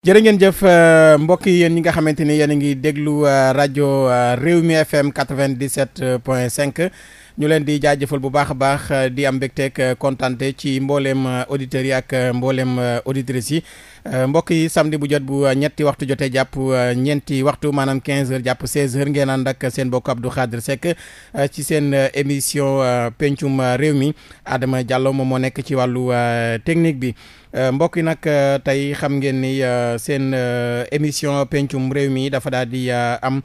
jërë ngeen jëf euh, mbokk yi yéen ñi nga xamante ni yéen a ngi déglu euh, rajo euh, Rewmi FM 97 point 5 ñu leen di jaajëfal bu baax a baax di am mbégteeg kontaante ci mbooleem auditeurs yi ak mbooleem auditrices yi. Euh, mbokk yi samedi bu jot bu euh, ñetti waxtu jotee jàpp euh, ñeenti waxtu maanaam quinze heures jàpp 16 heures ngeen ànd ak seen mbokk Abdou Khadre Seck ci seen émission pencum réew mi Adama Diallo moom moo nekk ci wàllu technique bi. mbokk yi nag tey xam ngeen ni seen émission pencum réew mi dafa daal di am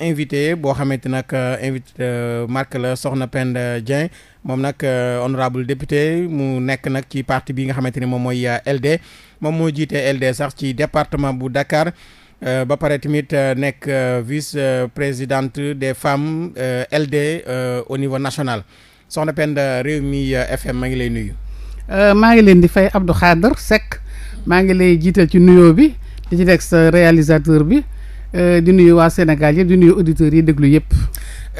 invité boo xamante nag invité marque la Soxna Penda Dieng moom nag honorable député mu nekk nag ci parti bi nga xamante ni moom mooy LD. moom moo jiite LD sax ci département bu Dakar euh, ba pare tamit euh, nekk euh, vice présidente des femmes LD au niveau national soxna réew mi FM maa ngi lay nuyu. maa ngi leen di fay Abdou Khader Seck maa ngi lay jiital ci nuyoo bi di ci nekk sa réalisateur bi. Euh, di nuyu waa Sénégal yëpp di nuyu auditeurs yi déglu yëpp.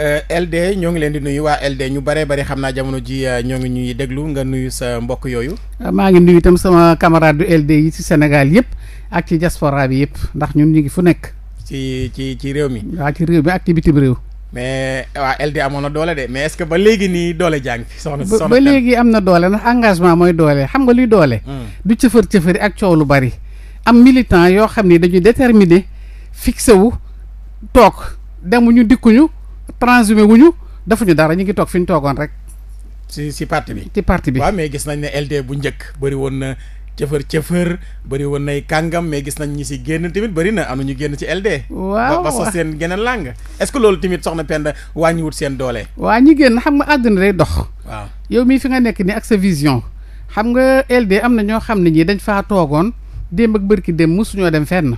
Euh, LD ñoo ngi leen di nuyu waa LD ñu baree bari xam naa jamono ji euh, ñoo ngi ñuy déglu nga nuyu sa mbokk yooyu. maa ngi nuyu itam sama camarade du LD yi si Sénégal yëpp ak ci diaspora bi yëpp ndax ñun ñu ngi fu nekk. ci ci ci réew mi. waa ci réew mi ak ci bitim réew. mais waa LD amoon na doole de mais est que ba léegi nii doole jàng fi soxna soxna ba léegi am na doole ndax engagement mooy doole xam nga luy doole. Hmm. du cëfër cëfëri ak coow lu bari. am militant yoo xam ne dañuy déterminé fixé wu toog demuñu dikkuñu transhumé wuñu defuñu dara ñu ngi toog fi ñu toogoon rek. si ci parti bi ci parti bi. waaw mais gis nañ ne LD bu njëkk bëri woon na cëfër cëfër bëri woon nay kàngam mais gis nañ ñi si génn tamit bëri na am na ñu génn ci LD. waaw ba sax seen geneen làng. est-ce que loolu tamit soxna Penda wàññiwut seen doole. waa ñi génn xam nga àdduna day dox. waaw yow mii fi nga nekk nii ak sa vision. xam nga LD am na ñoo xam ne ñii dañ faa toogoon démb ak bërki dem mosuñoo dem fenn.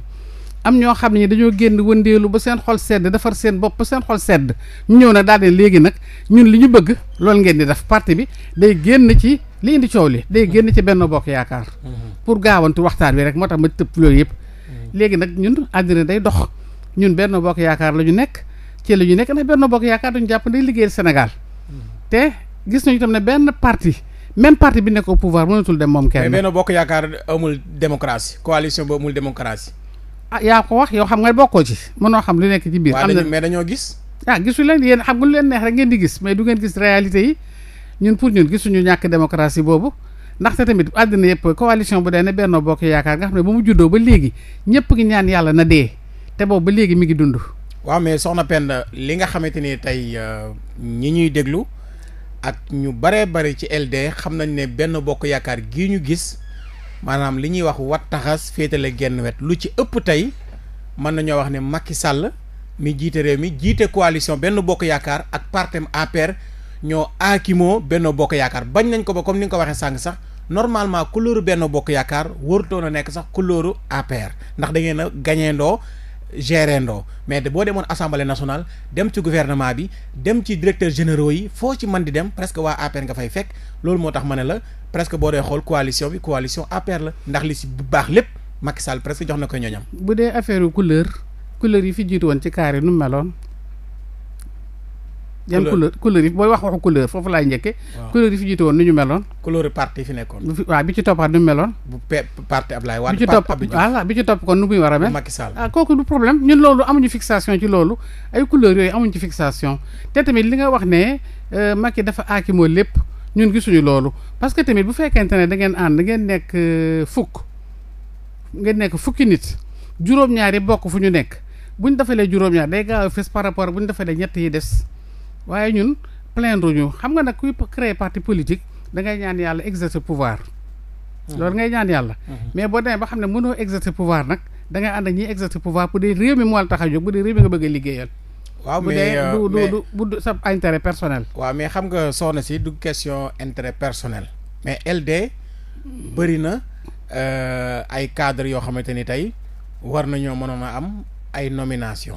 am ñoo xam ne dañoo génn wëndeelu ba seen xol sedd defar seen bopp ba seen xol sedd ñu ñëw nag daal ne léegi nag ñun li ñu bëgg loolu ngeen di def parti bi day génn ci li indi coow li day génn ci benn bokk yaakaar. Mm-hmm. pour gaawantu waxtaan wi rek moo tax ma tëpp loolu yëpp. Mm-hmm. léegi nag ñun àddina day dox ñun benn bokk yaakaar la ñu nekk ci la ñu nekk ndax benn bokk yaakaar dañu jàpp day liggéeyal Sénégal mm-hmm. te gis nañu tam ne benn parti. même parti bi nekk au pouvoir mënatul dem moom kenn. mais benn bokk yaakaar amul démocratie coalition boobu amul démocratie. Ah, yaa ko wax yow xam nga bokkoo ci mënoo xam lu nekk ci biir. am mais dañoo gis. ah gisul leen yéen xam leen neex rek ngeen di gis mais du ngeen gis réalité yi ñun pour ñun gisuñu ñàkk démocratie boobu ndaxte tamit àddina yëpp coalition bu dee ne Benno Bokk Yaakaar nga xam ne ba mu juddoo ba léegi ñëpp ngi ñaan yàlla na dee te boobu ba léegi mi ngi dund. waaw mais soxna Penda li nga xamante ni tey euh, ñi ñuy déglu ak ñu baree bari ci LD xam nañ ne benn Bokk Yaakaar gii ñu gis maanaam li ñuy wax wat taxas féetale genn wet lu ci ëpp tey mën nañoo wax ne Macky sàll mi jiite réew mi jiite coalition benn bokk yaakaar ak partem APR ñoo aakimoo benn bokk yaakaar bañ nañ ko ba comme ni nga ko waxee sànq sax normalement couleur benn bokk yaakaar warutoon a nekk sax couleur APR ndax dangeen a gañeendoo gérer ndoo mais boo demoon assemblée nationale dem ci gouvernement bi dem ci directeur généraux yi foo ci man di dem presque waa APR nga fay fekk loolu moo tax ma ne la presque boo dee xool coalition bi coalition APR la ndax li si bu baax lépp Macky Sall presque jox na ko ñooñam. bu dee affaire couleur couleur yi fi jiitu woon ci carré nu meloon. yan couleur couleur yi booy wax waxu couleur foofu laay njëkke couleur yi fi jiite woon ni ñu meloon couleur parti fi nekkoon waaw bi ci toppaat ni mu meloon bu parti Ablaye Wade bi ci topp kon nu muy war a mel Macky Sall ah kooku du problème ñun loolu amuñu fixation ci loolu ay couleurs yooyu amuñu ci fixation te tamit li nga wax ne euh, yi dafa aaki moo lépp ñun gisuñu loolu parce que tamit bu fekkente ne da ngeen ànd ngeen nekk euh, fukk ngeen nekk fukki nit juróom-ñaar yi bokk fu ñu nekk buñ defalee juróom-ñaar day gaaw a fes par rapport buñ defalee ñett yi des waaye ñun plaindre ñu xam nga nag kuy créer parti politique da ngay ñaan yàlla exercer pouvoir. Ah. loolu ngay ñaan yàlla. Ah. mais boo demee ba xam ne mënoo exercer pouvoir nag da ngay ànd ak ñiy exercer pouvoir bu dee réew mi moo la tax a jóg bu dee réew mi nga bëgg liggéeyal. waaw mais bu du du du sa intérêt personnel. waaw mais xam nga soxna si du question intérêt personnel. mais LD bëri na euh, ay cadres yoo xamante ni tey war nañoo mënoon a am ay nomination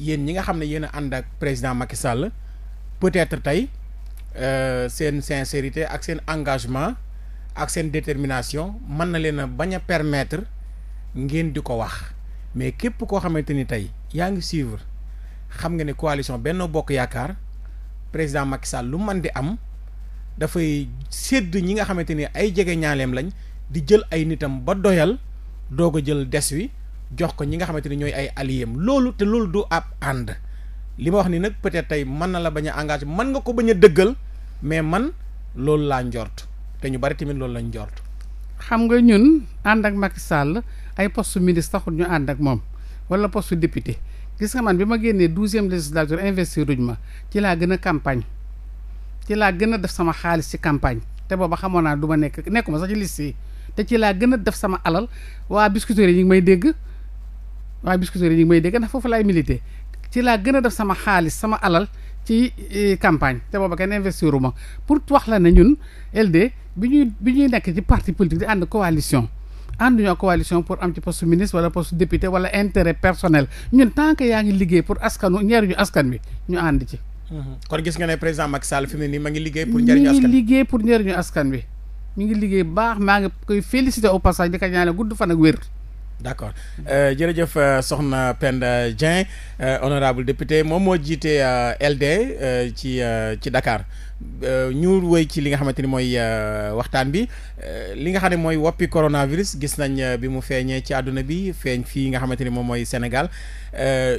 yéen ñi nga xam ne yéen ànd ak président Macky Sall peut-être tey euh, seen sincérité ak seen engagement ak seen détermination mën na leen a bañ a permettre ngeen di ko wax mais képp koo xamante ni tey yaa ngi suivre xam nga ne coalition Benno Bokk Yaakaar président Macky Sall lu man di am dafay sédd ñi nga xamante ni ay jege ñaaleem lañ di jël ay nitam ba doyal doog a jël des wi jox ko ñi nga xamante ni ñooy ay alliéem loolu te loolu du ab ànd li ma wax ni nag peut-être tey mën na la bañ a engagé mën nga ko bañ a dëggal mais man loolu laa njort te ñu bari tamit loolu lañ njort. xam nga ñun ànd ak Macky Sall ay poste ministre taxul ñu ànd ak moom wala poste député gis nga man bi ma génnee douzième législature investir ruñ ma ci laa gën a campagne ci laa gën a def sama xaalis ci campagne te booba xamoon naa du ma nekk nekkuma sax ci liste yi te ci laa gën def sama alal waa biscuiterie yi ngi may dégg. waa biscuiterie ñu ngi may dégg ndax foofu laay milité ci laa gën a def sama xaalis sama alal ci eh, campagne te booba kenn investir ma pour wax la na ñun LD bi ñuy bi ñuy nekk ci parti politique di ànd coalition ànduñoo coalition pour am ci poste ministre wala poste député wala intérêt personnel ñun tant yaa ngi liggéey pour askanu njariñu askan bi ñu ànd ci. Mm-hmm. kon gis nga ne président Macky Sall fi mu ne nii ma ngi liggéey pour njariñu askan mi ngi liggéey pour njariñu askan bi mi ngi baax maa ngi koy félicité au passage di ko ñaanal gudd d' accord euh, jërëjëf euh, soxna Penda Dieng euh, honorable député moom moo jiite euh, LD euh, ci ci Dakar ñu wéy ci li nga xamante ni mooy waxtaan bi li nga xam ne mooy woppi coronavirus gis nañ bi mu feeñee ci àdduna bi feeñ fii nga xamante ni moom mooy Sénégal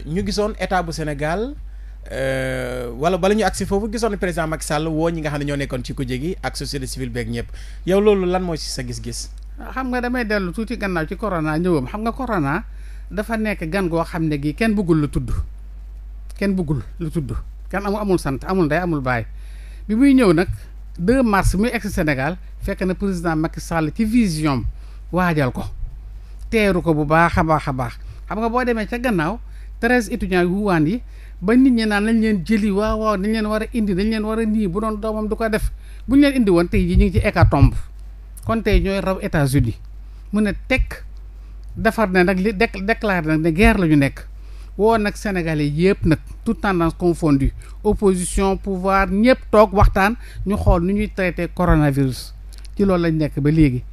ñu gisoon état bu Sénégal wala bala ñu agsi foofu gisoon président Macky Sall woo ñi nga xam ne ñoo nekkoon ci kujje gi ak société civile beeg ñëpp yow loolu lan mooy ci sa gis-gis. xam nga damay dellu tuuti gannaaw ci corona ñëwam xam nga corona dafa nekk gan goo xam ne gii kenn bëggul lu tudd kenn buggul lu tudd kenn amul amul sant amul ndey amul baay bi muy ñëw nag 2 mars muy egsi Sénégal fekk na président Macky Sall ci vision waajal ko teeru ko bu baax a baax a baax xam nga boo demee ca gannaaw treize étudiants yu Wuhan yi ba nit ñi naan lañ leen jëli waaw waaw dañ leen war indi dañ leen war a nii bu doon doomam du ko def bu leen indi tey jii ñu ngi ci hécatombe kon tey ñooy raw États-Unis mu ne tekk defar ne nag li déclaré nag ne guerre la ñu nekk woo nag sénégal sénégalais yëpp nag toute tendance confondue opposition pouvoir ñëpp toog waxtaan ñu xool nu ñuy traité coronavirus ci loolu lañ nekk ba léegi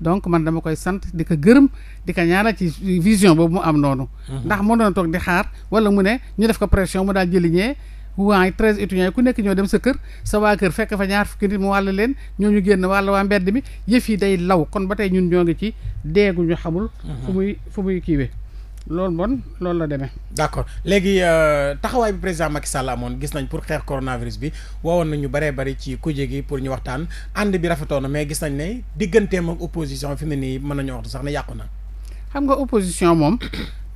donc man dama koy sant di ko gërëm di ko ñaanal ci vision boobu mu am noonu. Mhm. ndax mënoon toog di xaar wala mu ne ñu def ko pression mu daal jëliñee couvent yi treize étudiants ku nekk ñoo dem sa kër sa waa kër fekk fa ñaar fukki nit mu wàll leen ñoo ñu génn wàll waa mbedd mi yëf yi day law kon ba tey ñun ñoo ngi ci deegu ñu xamul mhm. fu muy fu muy kiiwee loolu bon loolu la demee d'accord léegi euh, taxawaay bi président Macky Sall amoon gis nañ pour xeex coronavirus bi woowoon nañu baree bari ci kuje gi pour ñu waxtaan ànd bi rafetoon na mais gis nañ ne digganteem ak opposition fi mu nii mën nañu wax sax ne yàqu na xam nga opposition moom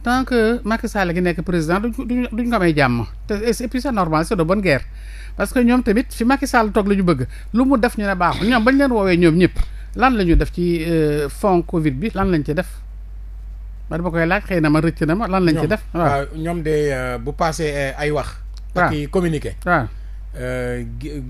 tant que Macky Sall gi nekk président ñu duñ ko may jàmm te et puis c'est normal c'est de bonne guerre parce que ñoom tamit fi Macky Sall toog la ñu bëgg lu mu def ñu ne baaxul ñoom bañ leen woowee ñoom ñëpp lan la ñu def ci euh, fond Covid bi lan lañ ci def man ba koy laaj xëy na ma rëcc na ma lan lañ ci def ñoom de euh, bu passé euh, ay wax ak i communiqué waaw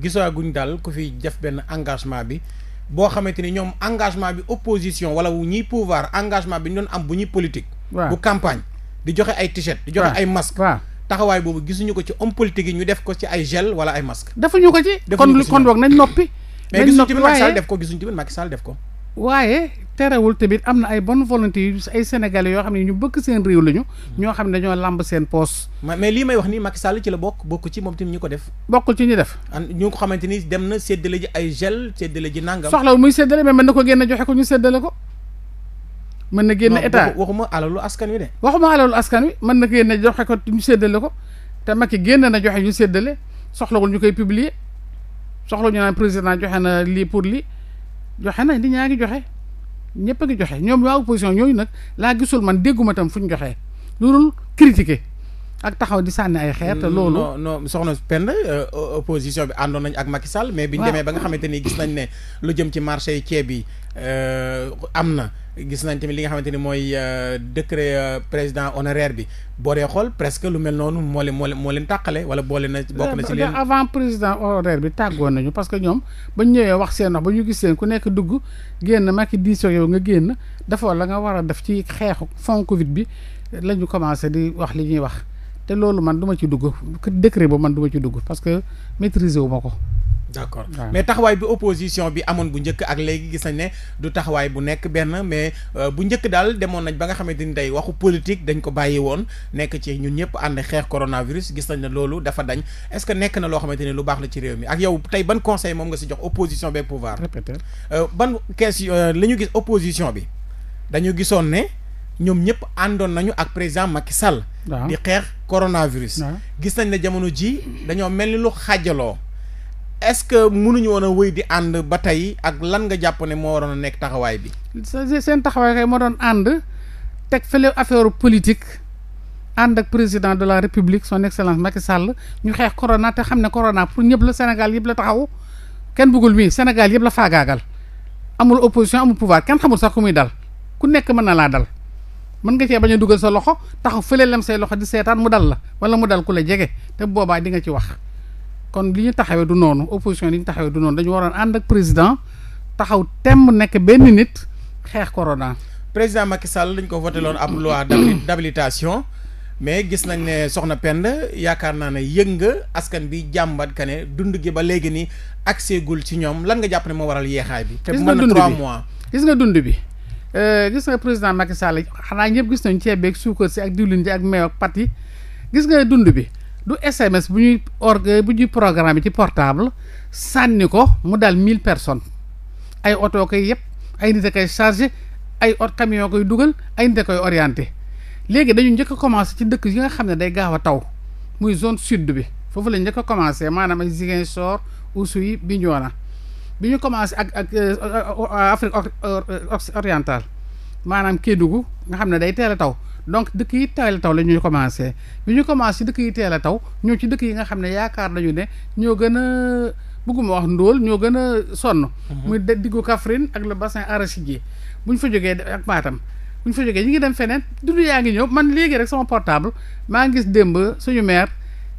gisaaguñ daal ku fi def benn engagement bi boo xamante ni ñoom engagement bi opposition wala wu ñuy pouvoir engagement bi ñu doon am bu ñuy politique bu campagne di joxe ay t-shirt di joxe ay masque taxawaay boobu gisuñu ko ci homme politique yi ñu def ko ci ay gel wala ay masque defuñu ko ci kon kon boog nañ noppi mais gisuñu tamit Macky Sall def ko gisuñu tamit Macky Sall def ko waaye terewul tamit am na ay bonne volonté yu yoo xam ne ñu bëgg seen réew lañu. ñoo xam ne dañoo làmb seen poos mais lii may wax nii Macky Sall ci la bokk bokk ci moom tamit ñi ko def bokkul ci ñi def ñu ko xamante ni dem na séddale ji ay gel ji nàngam soxla muy séddale mais mën na ko génn joxe ko ñu séddale ko mën na génn état waxuma alalu askan wi de. waxuma alalu askan wi mën na génn joxe ko ñu séddale ko te Macky génn na joxe ñu séddale soxlawul ñu koy publier soxla ñu naan président joxe na lii pour lii joxe na nit ñaa ngi joxe ñëpp a ngi joxe ñoom waaw opposition ñooñu nag laa gisul man dégguma tam fu ñu joxee loolu critiquer ak taxaw di sànni ay xeer te mm, loolu. non non soxna Pend euh, euh, opposition bi àndoon nañ ak Macky Sall. mais bi ñu demee ba nga xamante ni gis nañ ne lu jëm ci marché yi ceeb yi euh, am na. gis nañ tamit li nga xamante ni mooy décret président honoraire bi boo dee xool presque lu mel noonu moo leen moo leen moo tàqale wala boole na bokk na ci avant président honoraire bi tàggoon nañu parce que ñoom ba ñu ñëwee wax seen wax ba ñu gis leen ku nekk dugg génn Macky diisoo yow nga génn defoo la nga war a def ci xeexu fond Covid bi la ñu commencé di wax li ñuy wax te loolu man duma ma ci dugg décret boobu man du ma ci dugg parce que maîtriser wu ko. d'accord mais taxawaay bi opposition bi amoon bu njëkk ak léegi gis nañ ne du taxawaay bu nekk benn mais euh, bu njëkk daal demoon nañ ba nga xamante ni day waxu politique dañ ko bàyyi woon nekk ci ñun ñëpp ànd xeex coronavirus gis nañ ne loolu dafa dañ est-ce que nekk na loo xamante ni lu baax la ci réew mi ak yow tey ban conseil moom nga si jox opposition bi ak pouvoir. répété euh, ban question euh, li ñu gis opposition bi dañu gisoon ne ñoom ñëpp àndoon nañu ak président Macky Sall. di xeex coronavirus. gis nañ ne jamono ji dañoo mel ni lu xajaloo est-ce que mënuñu woon a wëy di ànd ba tey ak lan nga jàpp ne moo waroon a nekk taxawaay bi. seen taxawaay kay ma doon ànd teg fële affaire politique ànd ak président de la république son excellence Macky Sall ñu xeex corona te xam ne corona pour ñëpp la Sénégal yëpp la taxaw kenn bëggul mii Sénégal yëpp la faagaagal amul opposition amul pouvoir kenn xamul sax ku muy dal ku nekk mën na laa dal. mën nga cee bañ a dugal sa loxo taxaw fële lem say loxo di seetaan mu dal la wala mu dal ku la jege te boobaa di nga ci wax kon li ñu taxawee du noonu opposition li ñu taxawee du noonu dañu waroon ànd ak président taxaw temm nekk benn nit xeex corona. président Macky Sall dañ ko voté loon ab loi d'habilitation mais gis nañ ne soxna Penda yaakaar naa ne yëg nga askan bi jàmbat ka ne dund gi ba léegi nii accès gul ci ñoom lan nga jàpp ne moo waral yeexaay bi. te mën mois gis nga dund bi. Euh, gis nga président Macky Sall xanaa ñëpp gis nañu ceeb beeg suukar si ak diwlin ji ak meew ak pat yi gis nga dund bi du SMS bu ñuy org bu ñuy programme bi ci portable sànni ko mu daal mille personnes ay oto koy yëpp ay nit a koy chargé ay ot camion koy dugal ay nit koy orienté léegi dañu njëkk a commencé ci dëkk yi nga xam ne day gaaw a taw muy zone sud bi foofu la njëkk a commencé maanaam ay bi Oussouye Bignona bi ñu commencé ak ak euh, Afrique euh, orientale maanaam Kédougou nga xam ne day teel a taw donc dëkk yi teel taw la ñuy commencé bi ñu commencé dëkk yi teel a taw ñoo ci dëkk yi nga xam ne yaakaar nañu ne ñoo gën a bëgguma wax ndóol ñoo gën a sonn. Mhm. muy diggu kafrin ak le bassin arachidier bu ñu fa jógee ak Matam bu ñu fa jógee ñu ngi dem feneen dund yaa ngi ñëw man léegi rek sama portable maa ngi gis démb suñu maire.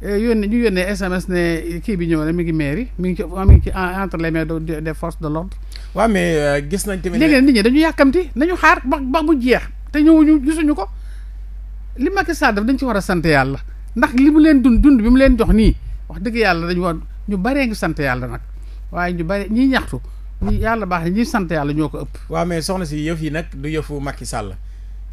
Eh, yónnee ñu yónnee SMS ne kii bi ñëw na mi ngi mairie mi ngi ci mi ngi ci ah, entre les mains des forces de l'ordre waaw mais euh, gis nañ tamit. léegi nag nit ñi dañu yàkkamti nañu xaar ba ba mu jeex te ñëwuñu gisuñu ko li Macky Sall def dañ ci war a sant yàlla ndax li mu leen dund dund bi mu leen jox nii wax dëgg yàlla dañu war ñu baree ngi sant yàlla nag waaye ñu bare ñii ñaxtu ñi yàlla baax na ñiy sant yàlla ñoo ko ëpp. waaw mais soxna si yëf yi nag du yëfu Macky Sall.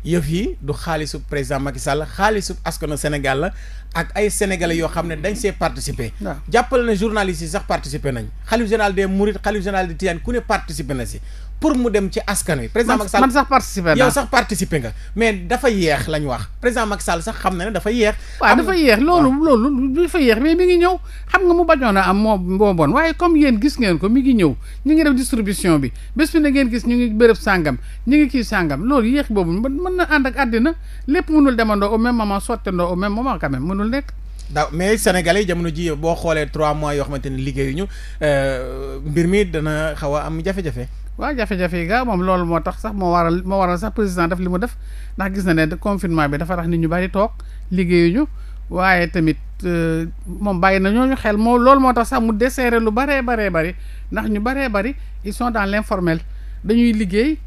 yëf yi du xaalisu président Macky Sall xaalisu askanu Sénégal la ak ay sénégalais yoo xam ne dañ see participer. waaw jàppale na journalistes yi sax participer nañ xalif général des Mourides xalif général de Tidiane ku ne participer na si. pour mu dem ci askan wi. président Macky Sall man sax participer yow sax participer nga mais dafa yeex lañ wax président Macky Sall sax xam na ne yeex. waaw dafa yeex loolu loolu dafa yeex mais mi ngi ñëw xam nga mu bañoon na am moom boobon waaye comme yéen gis ngeen ko mi ngi ñëw ñu ngi def distribution bi bés bi na ngeen gis ñu ngi bërëb sàngam ñu ngi kii sàngam loolu yéex boobu mën na ànd ak àddina lépp mënul demandoo au même moment sottandoo au même moment quand même nekk. daaw mais sénégalais yi jamono ji boo xoolee trois mois yoo xamante ne liggéeyuñu euh, mbir mi dana xaw a am jafe-jafe. waaw jafe-jafe yi gaa moom loolu moo tax sax moo waral moo waral sax président def li mu def ndax gis na ne confinement bi dafa tax nit ñu bari toog liggéeyuñu waaye tamit euh, moom bàyyi na ñooñu xel moo loolu moo tax sax mu desserré lu baree baree bari ndax ñu baree bari ils sont dans l'informel dañuy liggéey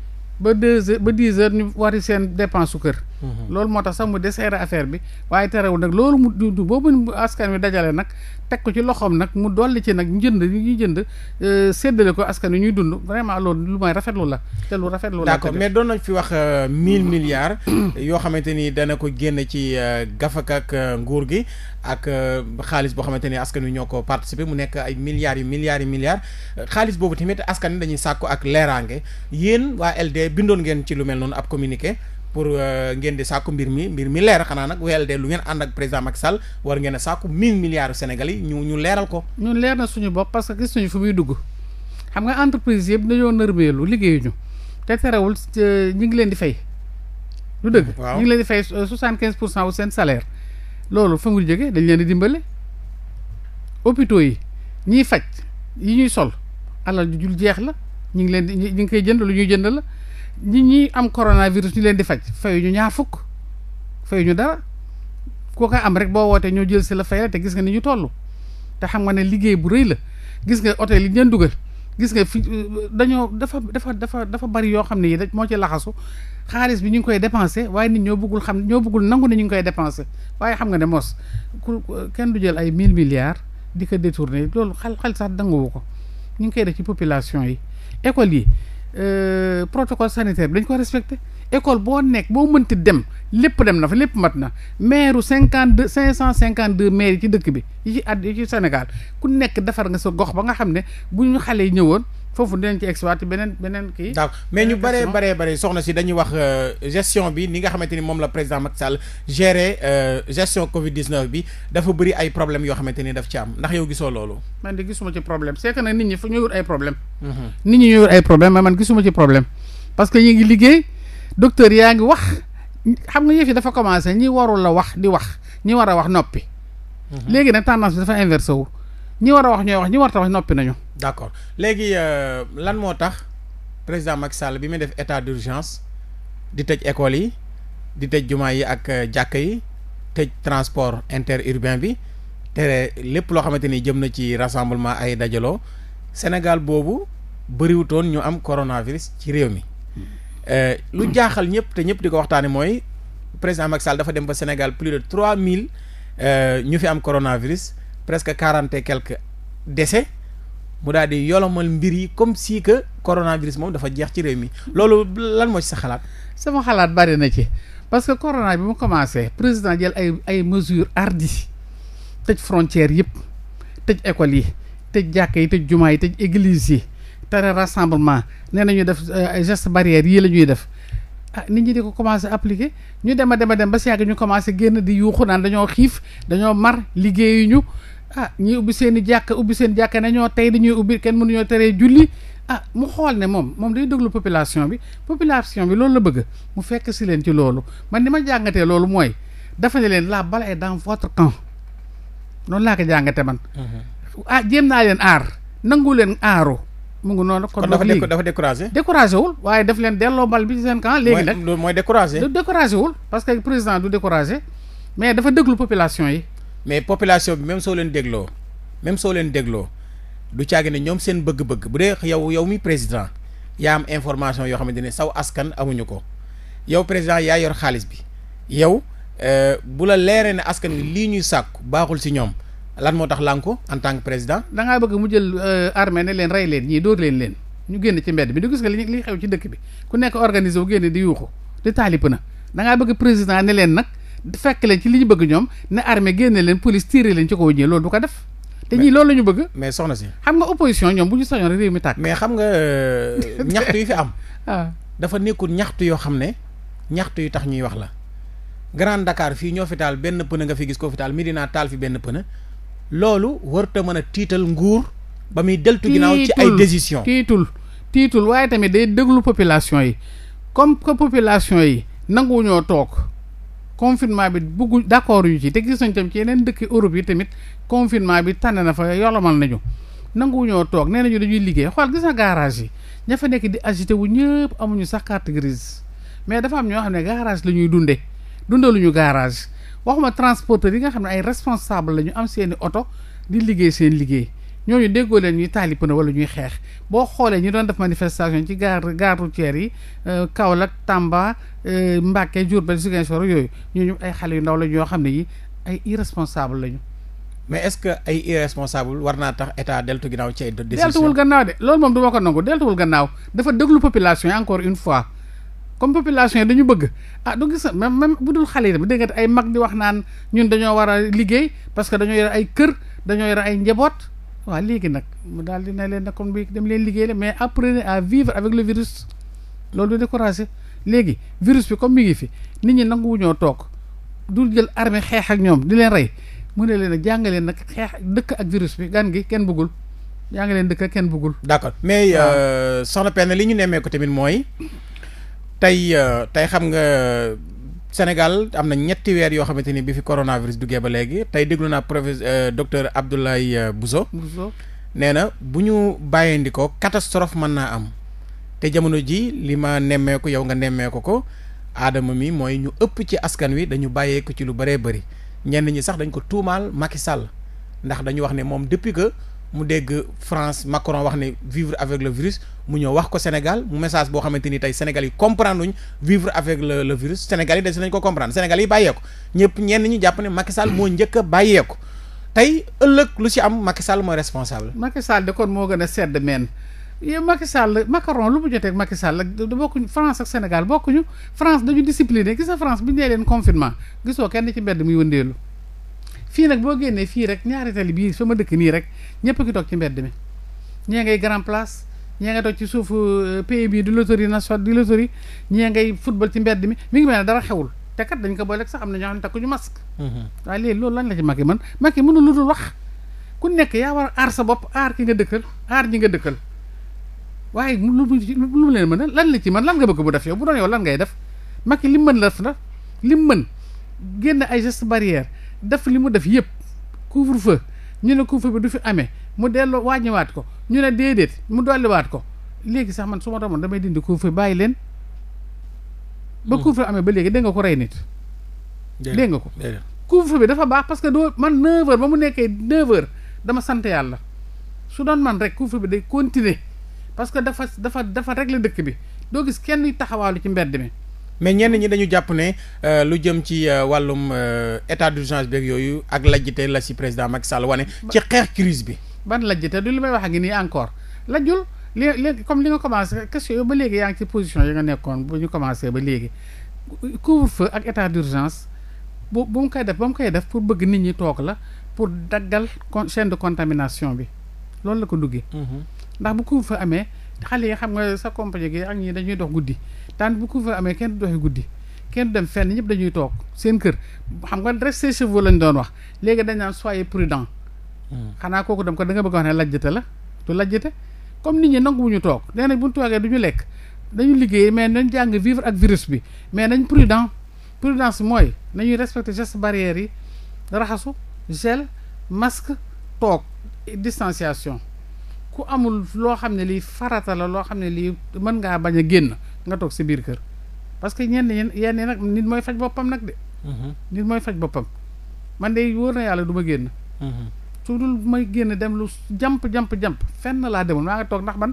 ba deux heures ba dix heures ñu wari seen dépense su kër. Mhm. loolu moo tax sax mu desserré affaire bi waaye terewul nag loolu mu du boobu askan wi dajale nag teg ko ci loxoom nag mu dolli ci nag njënd ñu ñuy jënd euh, séddale ko askan wi ñuy dund vraiment loolu lu may rafetlu la te lu rafetlu la ko mais doon nañ fi wax euh, mille milliare yoo xamante ni dana ko génn ci euh, gafak ak nguur gi ak xaalis boo xamante ni askan wi ñoo ko participer mu nekk ay milliare yu milliare yu milliards xaalis boobu tamit askan wi dañuy sàkku ak leeraange yéen waa LD bindoon ngeen ci lu mel noonu ab communiqué pour euh, ngeen di sàkku mbir mi mbir mi leer xanaa nag wel de lu ngeen ànd ak président Macky Sall war ngeen a sàkku mille milliards Sénégalais yi ñu ñu leeral ko. ñun leer na suñu bopp parce que gis nañu fu muy dugg xam nga entreprise yëpp dañoo nërmeelu liggéeyuñu te terewul euh, ñu ngi leen di fay. lu dëgg ñu ngi leen di fay euh, soixante quinze pour cent wu seen salaire loolu fa ngul jógee dañ leen di dimbale hôpitaux yi ñiy faj yi ñuy sol alal ju jeex la ñu ngi leen di ñu ngi koy jënd lu ñuy jënd la ñi ñi am coronavirus ñu leen di faj fayu ñu ñaar fukk fey ñu dara koo koy am rek boo wootee ñoo jël si la fay la te gis nga ni ñu toll te xam nga ne liggéey bu rëy la gis nga hôtel yi ñu dugal gis nga fi dañoo dafa dafa dafa dafa bari yoo xam ne yi moo ci laxasu xaalis bi ñu ngi koy dépensé waaye nit ñoo bëggul xam ñoo bëggul nangu ne ñu ngi koy dépensé waaye xam nga ne mos kenn du jël ay mille milliards di ko détourné loolu xal xal sax danguwu ko ñu ngi koy def ci population yi école yi Euh, protocole sanitaire bi dañ ko respecté école boo nekk boo mënti dem lépp dem na fa lépp mat na maire cinquante deux cinq cent cinquante deux maire yi ci dëkk bi yi ci at yi ci Sénégal ku nekk defar nga sa gox ba nga xam ne bu ñu xale yi ñëwoon foofu dinañ ci exploité beneen beneen ki mais ñu euh, baree baree bare soxna si dañuy wax euh, gestion bi ni nga xamante ni moom la président Macky Sall géré euh, gestion Covid 19 bi dafa bëri ay problème yoo xamante ni daf ci am ndax yow gisoo loolu. man de gisuma ci problème c'est que nag nit ñi fa ñuy wut ay problème mhm. nit ñi ñuy wut ay problème mais man gisuma ci problème parce que ñi ngi liggéey docteur yaa ngi wax xam nga yëf yi dafa commencé ñi warul la wax di wax ñi war a wax noppi. Mhm. léegi nag tendance dafa inversé wu ñi war a wax ñooy wax ñi warta wax noppi nañu. d' accord léegi euh, lan moo tax président Macky bi muy def état d' urgence di tëj école yi di tëj jumaa yi ak euh, jàkk yi tëj transport inter interurbain bi te lépp loo xamante ni jëm na ci rassemblement ay dajaloo Sénégal boobu bëriwutoon ñu am coronavirus ci réew mi euh, lu hmm. jaaxal ñëpp te ñëpp di ko waxtaane mooy président Macky dafa dem ba Sénégal plus de trois mille ñu fi am coronavirus presque quarante et quelques mu daal di yolomal mbir yi comme sii que coronavirus moom dafa jeex ci réew mi loolu lan moo ci sa xalaat. sama xalaat bari na ci parce que corona bi mu commencé président jël ay ay mesures hardies tëj frontières yëpp tëj écoles yi tëj jàkka yi tëj jumaa yi tëj église yi tere rassemblement nee nañu def euh, ay gestes barrières yii la ñuy def. ah nit ñi di ko commencé appliquer ñu dem a dem dem ba si yàgg ñu commencé génn di yuuxu naan dañoo xiif dañoo mar ñu ah ñi ubbi seen i jàkka ubbi seen jàkka ne ñoo tey dañuy ubbi kenn mënu ñoo teree julli ah mu xool ne moom moom day déglu population bi population bi loolu la bëgg mu fekk si leen ci loolu man ni ma jàngatee loolu mooy dafa ne leen la balle est dans votre noonu laa ko jàngate man. Mhm. ah jéem naa leen aar nangu leen aaru. mu ngi noonu kon dafa dafa découragé. découragé wul waaye daf leen delloo bal bi seen camp. léegi nag mooy découragé. du découragé wul yi. mais population bi même soo leen dégloo même soo leen dégloo du caagi ne ñoom seen bëgg-bëgg bu dee yow yow mi président yaa am information yoo xamante ne saw askan amuñu ko yow président yaa yor xaalis bi yow euh, bu la leeree ne askan wi lii ñuy sàkku baaxul si ñoom lan moo tax lan en tant que président. da bëgg mu jël euh, armee ne leen rey leen ñii dóor leen leen ñu génn ci mbedd bi du gis nga li xew ci dëkk bi ku nekk organisé wu génn di yuuxu di taalip na da bëgg président ne leen nag. fekk leen ci li ñu bëgg ñoom ne armée génne leen police tiire leen ci kaw ñëwee loolu du ko def. te ñii loolu la ñu bëgg. mais soxna si. xam nga opposition ñoom bu ñu sañoon rek réew mi tàkk. mais xam nga euh, ñaxtu yi fi am. Ah. dafa nekkul ñaxtu yoo xam ne ñaxtu yi tax ñuy wax la. Grand Dakar fii ñoo fi taal benn pënë nga fi gis koo fi taal dinaa taal fi benn pënë loolu warut a mën a tiital nguur. ba muy deltu ginnaaw ci ay décision tiitul tiitul waaye tamit day déglu population yi comme que population yi nanguwuñoo toog. confinement bi buggu d'accord yu ci te gis nañ tam ci yeneen dëkk Europe yi tamit confinement bi tànn na fa yolomal nañu nangu ñoo toog nee ñu dañuy liggéey xool gis sa garage yi ña fa nekk di agité wu ñëpp amuñu sax carte grise mais dafa am ñoo xam ne garage la ñuy dunde dundaluñu garage waxuma transporteur yi nga xam ne ay responsable la ñu am seeni oto di liggéey seen liggéey ñooñu déggoo leen ñuy taali pëna wala ñuy xeex boo xoolee ñu doon def manifestation ci gare gare routière yi euh, Kaolack Tamba euh, Mbacké Diourbel Ziguinchor yooyu ñooñu ay xale yu ndaw la ñoo xam ne yi ay irresponsable lañu. mais est-ce que ay irresponsable war naa tax état deltu ginnaaw ci ay décision deltuwul gannaaw de loolu moom du ma ko nangu deltuwul gannaaw dafa déglu population yi encore une fois comme population yi dañu bëgg ah du gis même man bu dul xale yi tamit dégg ay mag di wax naan ñun dañoo war a liggéey parce que dañoo yore ay kër dañoo yore ay njaboot waaw léegi nag mu daal di ne leen nag comme bi dem leen liggéey la mais apprenez à vivre avec le virus loolu du découragé léegi virus bi comme mi ngi fi nit ñi nangu ñoo toog du jël armée xeex ak ñoom di leen rey mu ne leen jàngaleen nag xeex dëkk ak virus bi gan gi kenn bëggul jàngaleen dëkk ak kenn bëggul. d'accord mais euh, soxna Penda li ñu nemmee ko tamit mooy tey euh, tey xam nga. Sénégal am na ñetti weer yoo xamante ni bi fi coronavirus duggee ba léegi tey déglu naa professeur docteur Abdoulaye euh, Bousso nee na bu ñu bàyyandi ko catastrophe mën naa am te jamono ji li ma nemmeeku yow nga nemmeeku ko aadama mi mooy ñu ëpp ci askan wi dañu bàyyeeku ci lu bëree bëri ñenn ñi sax dañ ko tuumaal Macky Sall ndax dañu wax ne moom depuis que mu dégg France Macron wax ne vivre avec le virus mu ñëw wax ko Sénégal mu message boo xamante ni tey Sénégal yi comprendre luñ vivre avec le le virus Sénégal yi des ko comprendre Sénégal yi bàyyeeku ñëpp ñenn ñu jàpp ne Macky Sall moo njëkk a bàyyeeku tey ëllëg lu ci am Macky Sall mooy responsable. Macky Sall kon moo gën a sedd meen yow Macky Sall lu mu jotee ak Sall da bokkuñu France ak Sénégal bokkuñu France dañu discipliné gis nga France bi nee kenn ci mbedd muy wëndeelu. fii nag boo génnee fii rek ñaari tali bii fa ma dëkk nii rek ñëpp a ngi toog ci mbedd mi ñee ngay grand place ñee ngay toog ci suufu euh, pays bi di loterie nationale di loterie ñee ngay football ci mbedd mi mi ngi mel ne dara xewul te kat dañ ko boole sax am na ñoo xam ne ñu masque. Mm-hmm. waaye léegi loolu lañ la ci Macky man Macky mënul lu dul wax ku nekk yaa war aar sa bopp aar ki nga dëkkal aar ñi nga dëkkal waaye lu mu leen mën lan la ci man lan nga bëgg bu def bu doon yow ngay def Macky li mu mën la def la li mu mën génn ay geste barrière def li mu def yëpp couvre-feu ñu ne couvre bi du fi amee mu delloo wàññiwaat ko ñu ne déedéet mu dolliwaat ko léegi sax man su ma tamoon damay dindi couvre-feu bàyyi leen. ba hmm. couvre-feu amee ba léegi dégg nga ko rey nit. dégg nga ko couvre bi dafa baax parce que doo man 9h ba mu nekkee 9h dama sant yàlla su doon man rek couvre bi day continuer parce que dafa dafa dafa regle dëkk bi doo gis kenn taxawaalu ci mbedd mi. mais ñenn ñi dañu jàpp ne euh, lu jëm ci euh, wàllum euh, état d'urgence beeg yooyu ak lajjite la si président Macky Sall wane. ci xeex crise bi. ban lajjite du li may wax a ak nii encore lajjul li li comme li nga commencé question yooyu ba léegi yaa ngi ci position yi nga nekkoon bu ñu commencé ba léegi couvre-feu ak état d'urgence bu bu mu koy def ba mu koy def pour bëgg nit ñi toog la pour daggal con de contamination bi loolu la ko duggee. Mhm. ndax bu couvre fa amee xale yi xam nga sa compagnie ak ñi dañuy dox guddi. tant bu couvre amee kenn du doxi guddi kenn du dem fenn ñëpp dañuy toog seen kër xam nga rester chez vous lañ doon wax léegi dañ naan soyez prudent hmm. xanaa kooku dem ko danga bëgg a wax ne lajjate la du lajjate comme nit ñi nangu bu ñu toog nee nañ bu toogee du ñu lekk dañu liggéey mais nañ jàng vivre ak virus bi mais nañ prudent prudence mooy nañuy respecter gestes barrières yi raxasu gel masque toog distanciation ku amul loo xam ne lii farata la loo xam ne lii mën ngaa bañ a génn nga toog si biir kër parce que ñenn yenn yenn nag nit mooy faj boppam nag de. Mhm. nit mooy faj boppam man de wóor na yàlla du ma génn. Mhm. su dul may génn dem lu jàmp jàmp jàmp fenn laa demoon maa nga toog ndax man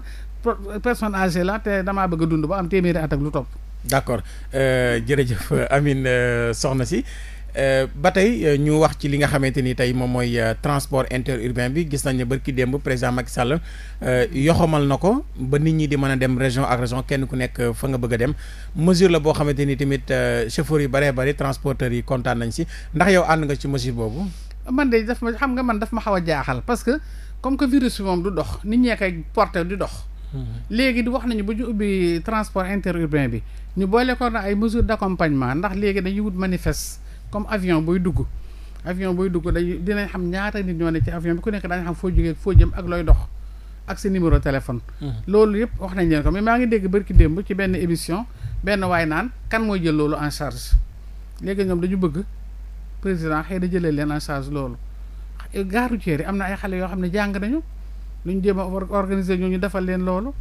personne âgée la te damaa bëgg a dund ba am téeméeri at ak lu topp. d'accord euh, jërëjëf Amine euh, soxna si. Euh, ba tey euh, ñu wax ci li nga xamante ni tey moom mooy euh, transport interurbain bi gis nañ ne barki démb président Macky Sall yoxamal na ko ba nit ñi di mën a dem région ak kenn ku nekk fa nga bëgg dem mesure la boo xamante ni tamit chauffeur yu baree bari transporteurs yi kontaan nañ si ndax yow ànd nga ci mesure boobu. man de daf ma xam nga man daf ma xaw a jaaxal parce que comme que virus bi moom du dox nit ñee koy porté di dox. Mhm. léegi di wax nañu ba ñu ubbi transport interurbain bi ñu boole ko na ay mesures d'accompagnement ndax léegi dañuy wut manifeste. comme avion booy dugg avion booy dugg dañuy dinañ xam ñaata nit ñoo ne ci avion bi ku nekk daañu xam foo jógee foo jëm ak looy dox ak sa numéro téléphone. Hmm. loolu yëpp wax nañ leen ko mais maa ngi dégg barki démb ci benn émission benn waay naan kan mooy jël loolu en charge léegi ñoom dañu bëgg président xëy da jëlee leen en charge loolu. gare routière yi am na ay xale yoo xam ne jàng nañu lu ñu jéem a organiser ñoo ñu defal leen loolu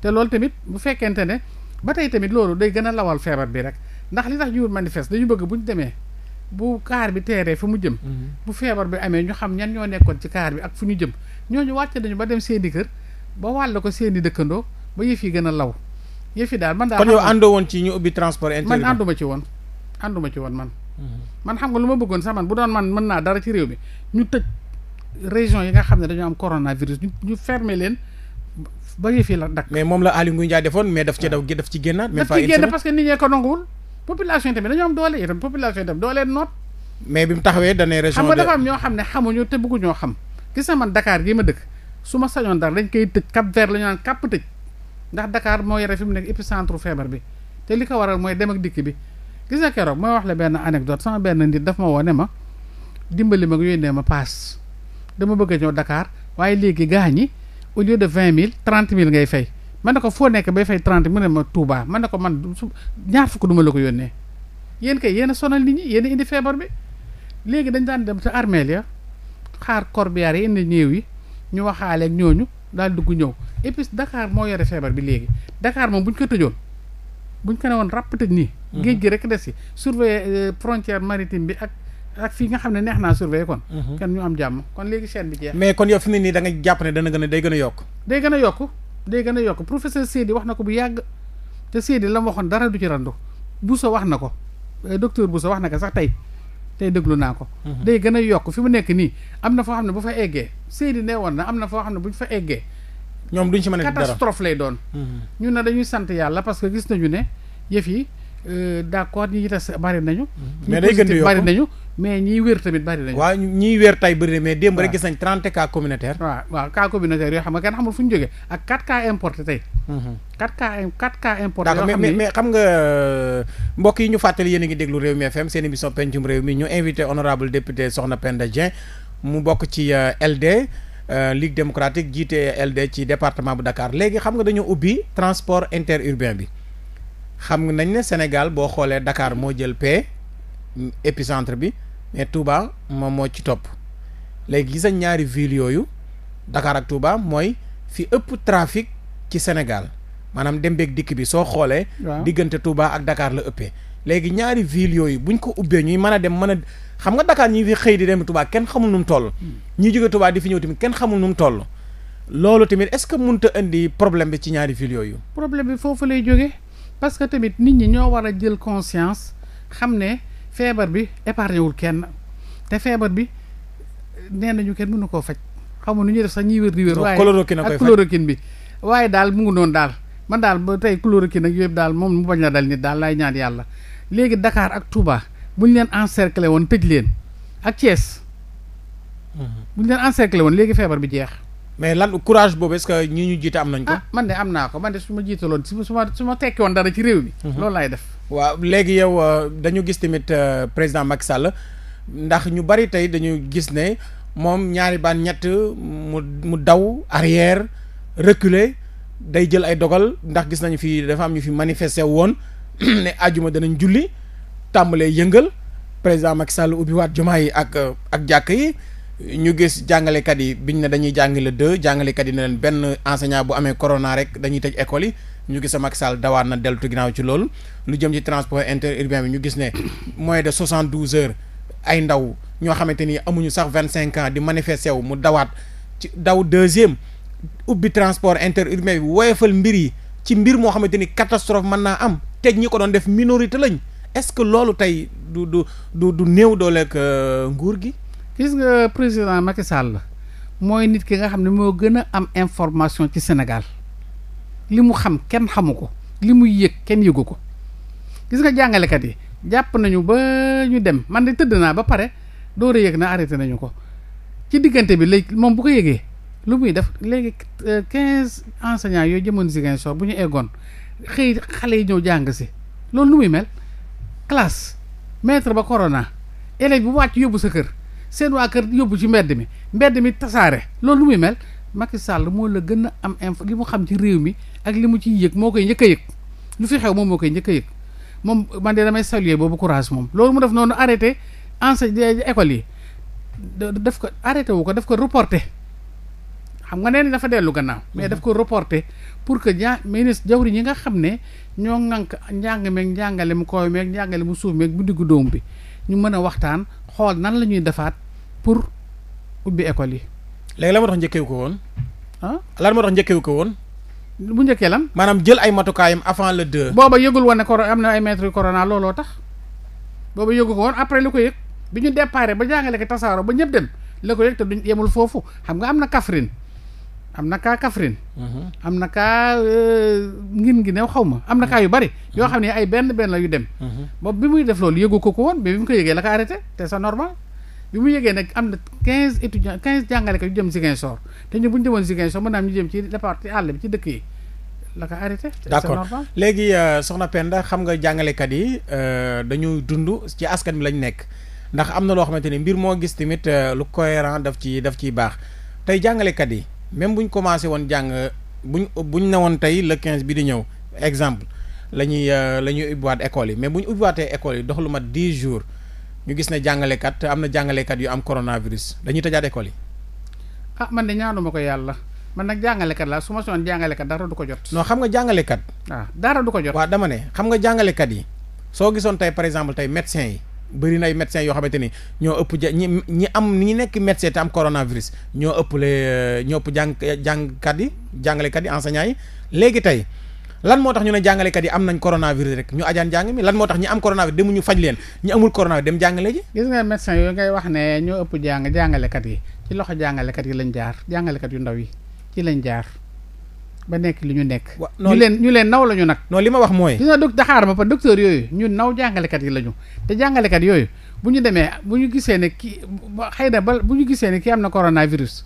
te loolu tamit bu fekkente ne ba tey tamit loolu day gën a lawal feebar bi rek ndax li tax ñu manifeste dañu bëgg bu ñu demee. bu kaar bi teeree fu mu jëm mm-hmm. bu feebar bi amee ñu xam ñan ñoo nekkoon ci kaar bi ak fu ñu jëm ñoo ñu wàcce nañu ba dem seeni kër ba wàll ko seeni dëkkandoo ba yëf yi gën a law yëf yi daal man daal woon ci ñu ubbi transport intérieur man ànduma ci woon ànduma ci woon man mm-hmm. man xam nga lu ma bëggoon sax man bu doon man mën naa dara ci réew mi ñu tëj région yi nga xam ne dañoo am coronavirus ñu ñu fermer leen ba yëf yi la dakk mais moom la Aly Ngouille Ndiaye defoon mais daf ci daw daf ci génnaat daf ci génn parce nit ñee ko nanguwul population yi tamit dañoo doole itam population yi tamit dooleen noot. mais bi mu taxawee dañuy région de xam nga dafa am ñoo xam ne xamuñu te bëgguñoo xam gis na man Dakar gii ma dëkk su ma sañoon dara dañ koy tëj Cap Vert la ñu naan kàpp tëj ndax Dakar moo yore fi mu nekk épicentre feebar bi te li ko waral mooy dem ak dikk bi gis nga keroog mooy wax la benn anecdote sama benn nit daf ma woo ne ma dimbali ma nee ma paas dama bëgg a ñëw Dakar waaye léegi gaañ ñi au lieu de vingt mille trente mille ngay fay. man ne ko foo nekk bay fay trent mu ne ma Touba man ne ko man su ñaar fukk du ma la ko yónnee yéen kay yéen a sonal nit ñi yéen a indi feebar bi léegi dañ daan dem te armeel ya xaar corbillard yi indi néew yi ñu waxaale ak ñooñu daal dugg ñëw et puis Dakar moo yore feebar bi léegi Dakar moom bu ko tëjoon buñ ko ne woon ràpp tëj nii. Mhm. géej gi rek des si surveiller euh, frontière maritime bi ak. ak fii nga xam ne neex naa surveiller kon. Mhm. kenn ñu am jàmm kon léegi chaîne bi mais kon yow fi mu da nga jàpp dana a day gën a yokk. day gën a yokk. day gën a yokk professeur Seydi wax na ko bu yàgg te Seydi la mu waxoon dara du ci randu sa wax na ko eh, docteur sa wax na ko sax tey tey déglu naa ko. Mhm. day gën a yokk fi mu nekk nii am na foo xam ne bu fa eggee Seydi nee woon na am na foo xam ne bu ñu fa eggee. ñoom duñ ci mën a dara catastrophe lay doon. Mhm. ñu ne dañuy sant yàlla parce que gis nañu ne yëf yi. Euh, d' accord ñi tas bari nañu. Mhm. mais day gën di yokk bari nañu mais ñiy wér tamit bari nañu. waaw ñi wér tay bëri na mais démb rek gis nañ trente cas communautaire. waaw waaw cas communautaire yoo xam ne kenn xamul fu ñu jógee ak quatre cas importé tey. Mhm. quatre cas quatre cas importé. yoo xam ne mais xam nga euh, mbokk yi ñu fàttali yéen a ngi déglu Rewmi FM seen émission pencum réew mi ñu invité honorable député Soxna Penda Dieng mu bokk ci euh, LD. Euh, Ligue démocratique jiite LD ci département bu Dakar léegi xam nga dañoo ubbi transport interurbain bi xam nañ ne Sénégal boo xoolee dakaar moo jël paie épicentre bi mais Touba moom moo ci topp léegi gis nañ ñaari ville yooyu Dakar ak Touba mooy fi ëpp trafic ci Sénégal maanaam dem beeg dikk bi soo xoolee. diggante Touba ak Dakar la ëppee. léegi ñaari ville yooyu buñ ko ubbee ñuy mën a dem man a xam nga Dakar ñi fi xëy di dem Touba kenn xamul nu mu toll. Hmm. ñi jóge Touba di fi ñëw tamit kenn xamul nu mu toll. loolu tamit est-ce que mënut a indi problème bi ci ñaari ville yooyu. foofu lay jógee. parce que tamit nit ñi ñoo war a jël conscience xam ne feebar bi épargné wul kenn te feebar bi neen nañu kenn mënu koo faj xamu nu ñu def sax ñiy wér di wér. waaye ak chloroquine bi waaye daal mu ngi noonu daal man daal ba tey chloroquine ak yooyu daal moom mu bañ la dal nit daal laay ñaan yàlla léegi dakaar ak Touba bu ñu leen encercler woon tëj leen ak Thiès. Mhm. bu ñu leen encercler woon léegi feebar bi jeex. mais lan courage boobu est que ñi ñu jiite am nañ ko. Ah, man de am naa ko man de su ma jiitaloon su ma su ma tekki woon dara ci réew mi. Mhm. loolu laay def. waaw léegi yow euh, dañu gis tamit euh, président Macky Sall ndax ñu bari tey dañu gis ne moom ñaari baan ñett mu daw arrière reculer day jël ay dogal ndax gis nañu fi dafa am ñu fi manifester woon ne ajuma danañ julli tàmbalee yëngal président Macky Sall waat jumaa yi ak ak jàkk yi. ñu gis jàngalekat yi biñ ne dañuy jàngale deux jàngalekat yi ne benn enseignant bu amee corona rek dañuy tëj école yi ñu gis a Sall dawaan na deltu ginnaaw ci loolu lu jëm ci transport interurbain bi ñu gis ne moins de soixante douze heures ay ndaw ñoo xamante ni amuñu sax vingt cinq ans di manifester wu mu dawaat ci daw deuxième ubbi transport interurbain bi woyofal mbir yi ci mbir moo xamante ni catastrophe mën naa am tej ñi ko doon def minorité lañ est-ce que loolu tey du du du du néew dooleeg euh, nguur gi. gis nga président Macky Sall mooy nit ki nga xam ne moo gën a am information ci Sénégal li mu xam kenn xamu ko li mu yëg kenn yëgu ko gis nga jàngalekat yi jàpp nañu ba ñu dem man de tëdd naa ba pare door a yëg na arrêté nañu ko ci diggante bi léegi moom bu ko yëgee lu muy def léegi euh, quinze enseignants yooyu jëmoon Ziguinchor bu ñu eggoon xëy xale yi ñëw jàng si loolu lu muy mel classe maître ba corona élève bu wàcc yóbbu sa kër seen waa kër yóbbu ci mbedd mi mbedd mi tasaare loolu lu muy mel Macky Sall moo la gën a am info li mu xam ci réew mi ak li mu ciy yëg moo koy njëkk a yëg lu fi xew moom moo koy njëkk yëg moom man de damay saluer boobu courage moom loolu mu def noonu arrêté enseigne euh, école yi daf ko arrêté wu ko daf ko reporté xam nga nee dafa dellu gannaaw mm-hmm. mais daf ko reporté pour que ñaa ministre jawri ñi nga xam ne ñoo ŋànk njàng meeg njàngale mu kaw meeg njàngale mu suuf meeg bu diggu doom bi ñu mën a waxtaan xool nan la ñuy defaat pour ubbi école yi. léegi la moo tax njëkkee ko woon. ah lan moo tax njëkkee ko woon. bu njëkkee lan. maanaam jël ay matukaayam avant le deux. booba yëgul woon ne corona am na ay maîtres corona looloo tax booba yëgu ko woon après lu ko yëg bi ñu déparé ba jàngale ko tasaaro ba ñëpp dem la ko yëg te duñ yemul foofu xam nga am na Kaffrine am na kaa Kaffrine. Mhm. am na kaa euh, ngin ngi new xaw ma am na kaa yu bari. yoo mhm. xam ne ay benn benn yu dem. Mhm. boobu bi muy def loolu yëgu ko ko woon bi mu ko yëgee la ko bi mu yëgee nag am na quinze étudiants quinze jàngalekat yu jëm Ziguinchor te ñu bu ñu demoon Ziguinchor mën naa am ñu jëm ci département àll bi ci dëkk yi la ko arrêté. d'accord léegi euh, soxna Penda xam nga jàngalekat yi euh, dañuy dund ci askan bi lañ nekk ndax am na loo xamante ni mbir moo gis tamit euh, lu cohérent daf ci daf ciy baax tey jàngalekat yi même ñu commencé woon jàng bu buñ ne woon tey le quinze bi di ñëw exemple la ñuy la ñuy ubbiwaat école yi mais buñ ubbiwaatee école yi dox lu mat dix jours. ñu gis ne jàngalekat te am na jàngalekat yu am coronavirus dañuy tëjaat école yi. ah man de ñaanuma ko yàlla man nag jàngalekat laa su ma soon jàngalekat dara du ko jot. non xam nga jàngalekat. Ah, dara du ko jot. waaw dama xam nga jàngalekat yi soo gisoon tey par exemple tey médecin yi bëri nay ay médecin yoo xamante ni ñoo ëpp ja ñi ñi am ñi nekk médecin te am coronavirus ñoo ëpp le ñoo ëpp jàng jàngkat yi jàngalekat yi enseignants yi léegi tey. lan moo tax ñu ne jàngalekat yi am nañ coronavirus rek ñu ajaan jàng mi lan moo tax ñi am coronavirus demu ñu faj leen ñi amul coronavirus dem jàngale ji gis nga médecin yooyu ngay wax ne ñoo ëpp jàng jàngalekat yi ci loxo jàngalekat yi lañ jaar jàngalekat yu ndaw yi ci lañ jaar ba nekk li ñu nekk ñu leen ñu leen naw la ñu nag non li ma wax mooy gis daxaar ba pa docteur yooyu ñu naw jàngalekat yi la ñu te jàngalekat yooyu bu ñu demee bu ñu gisee ne kii xëy na ba bu ñu gisee ne kii am na coronavirus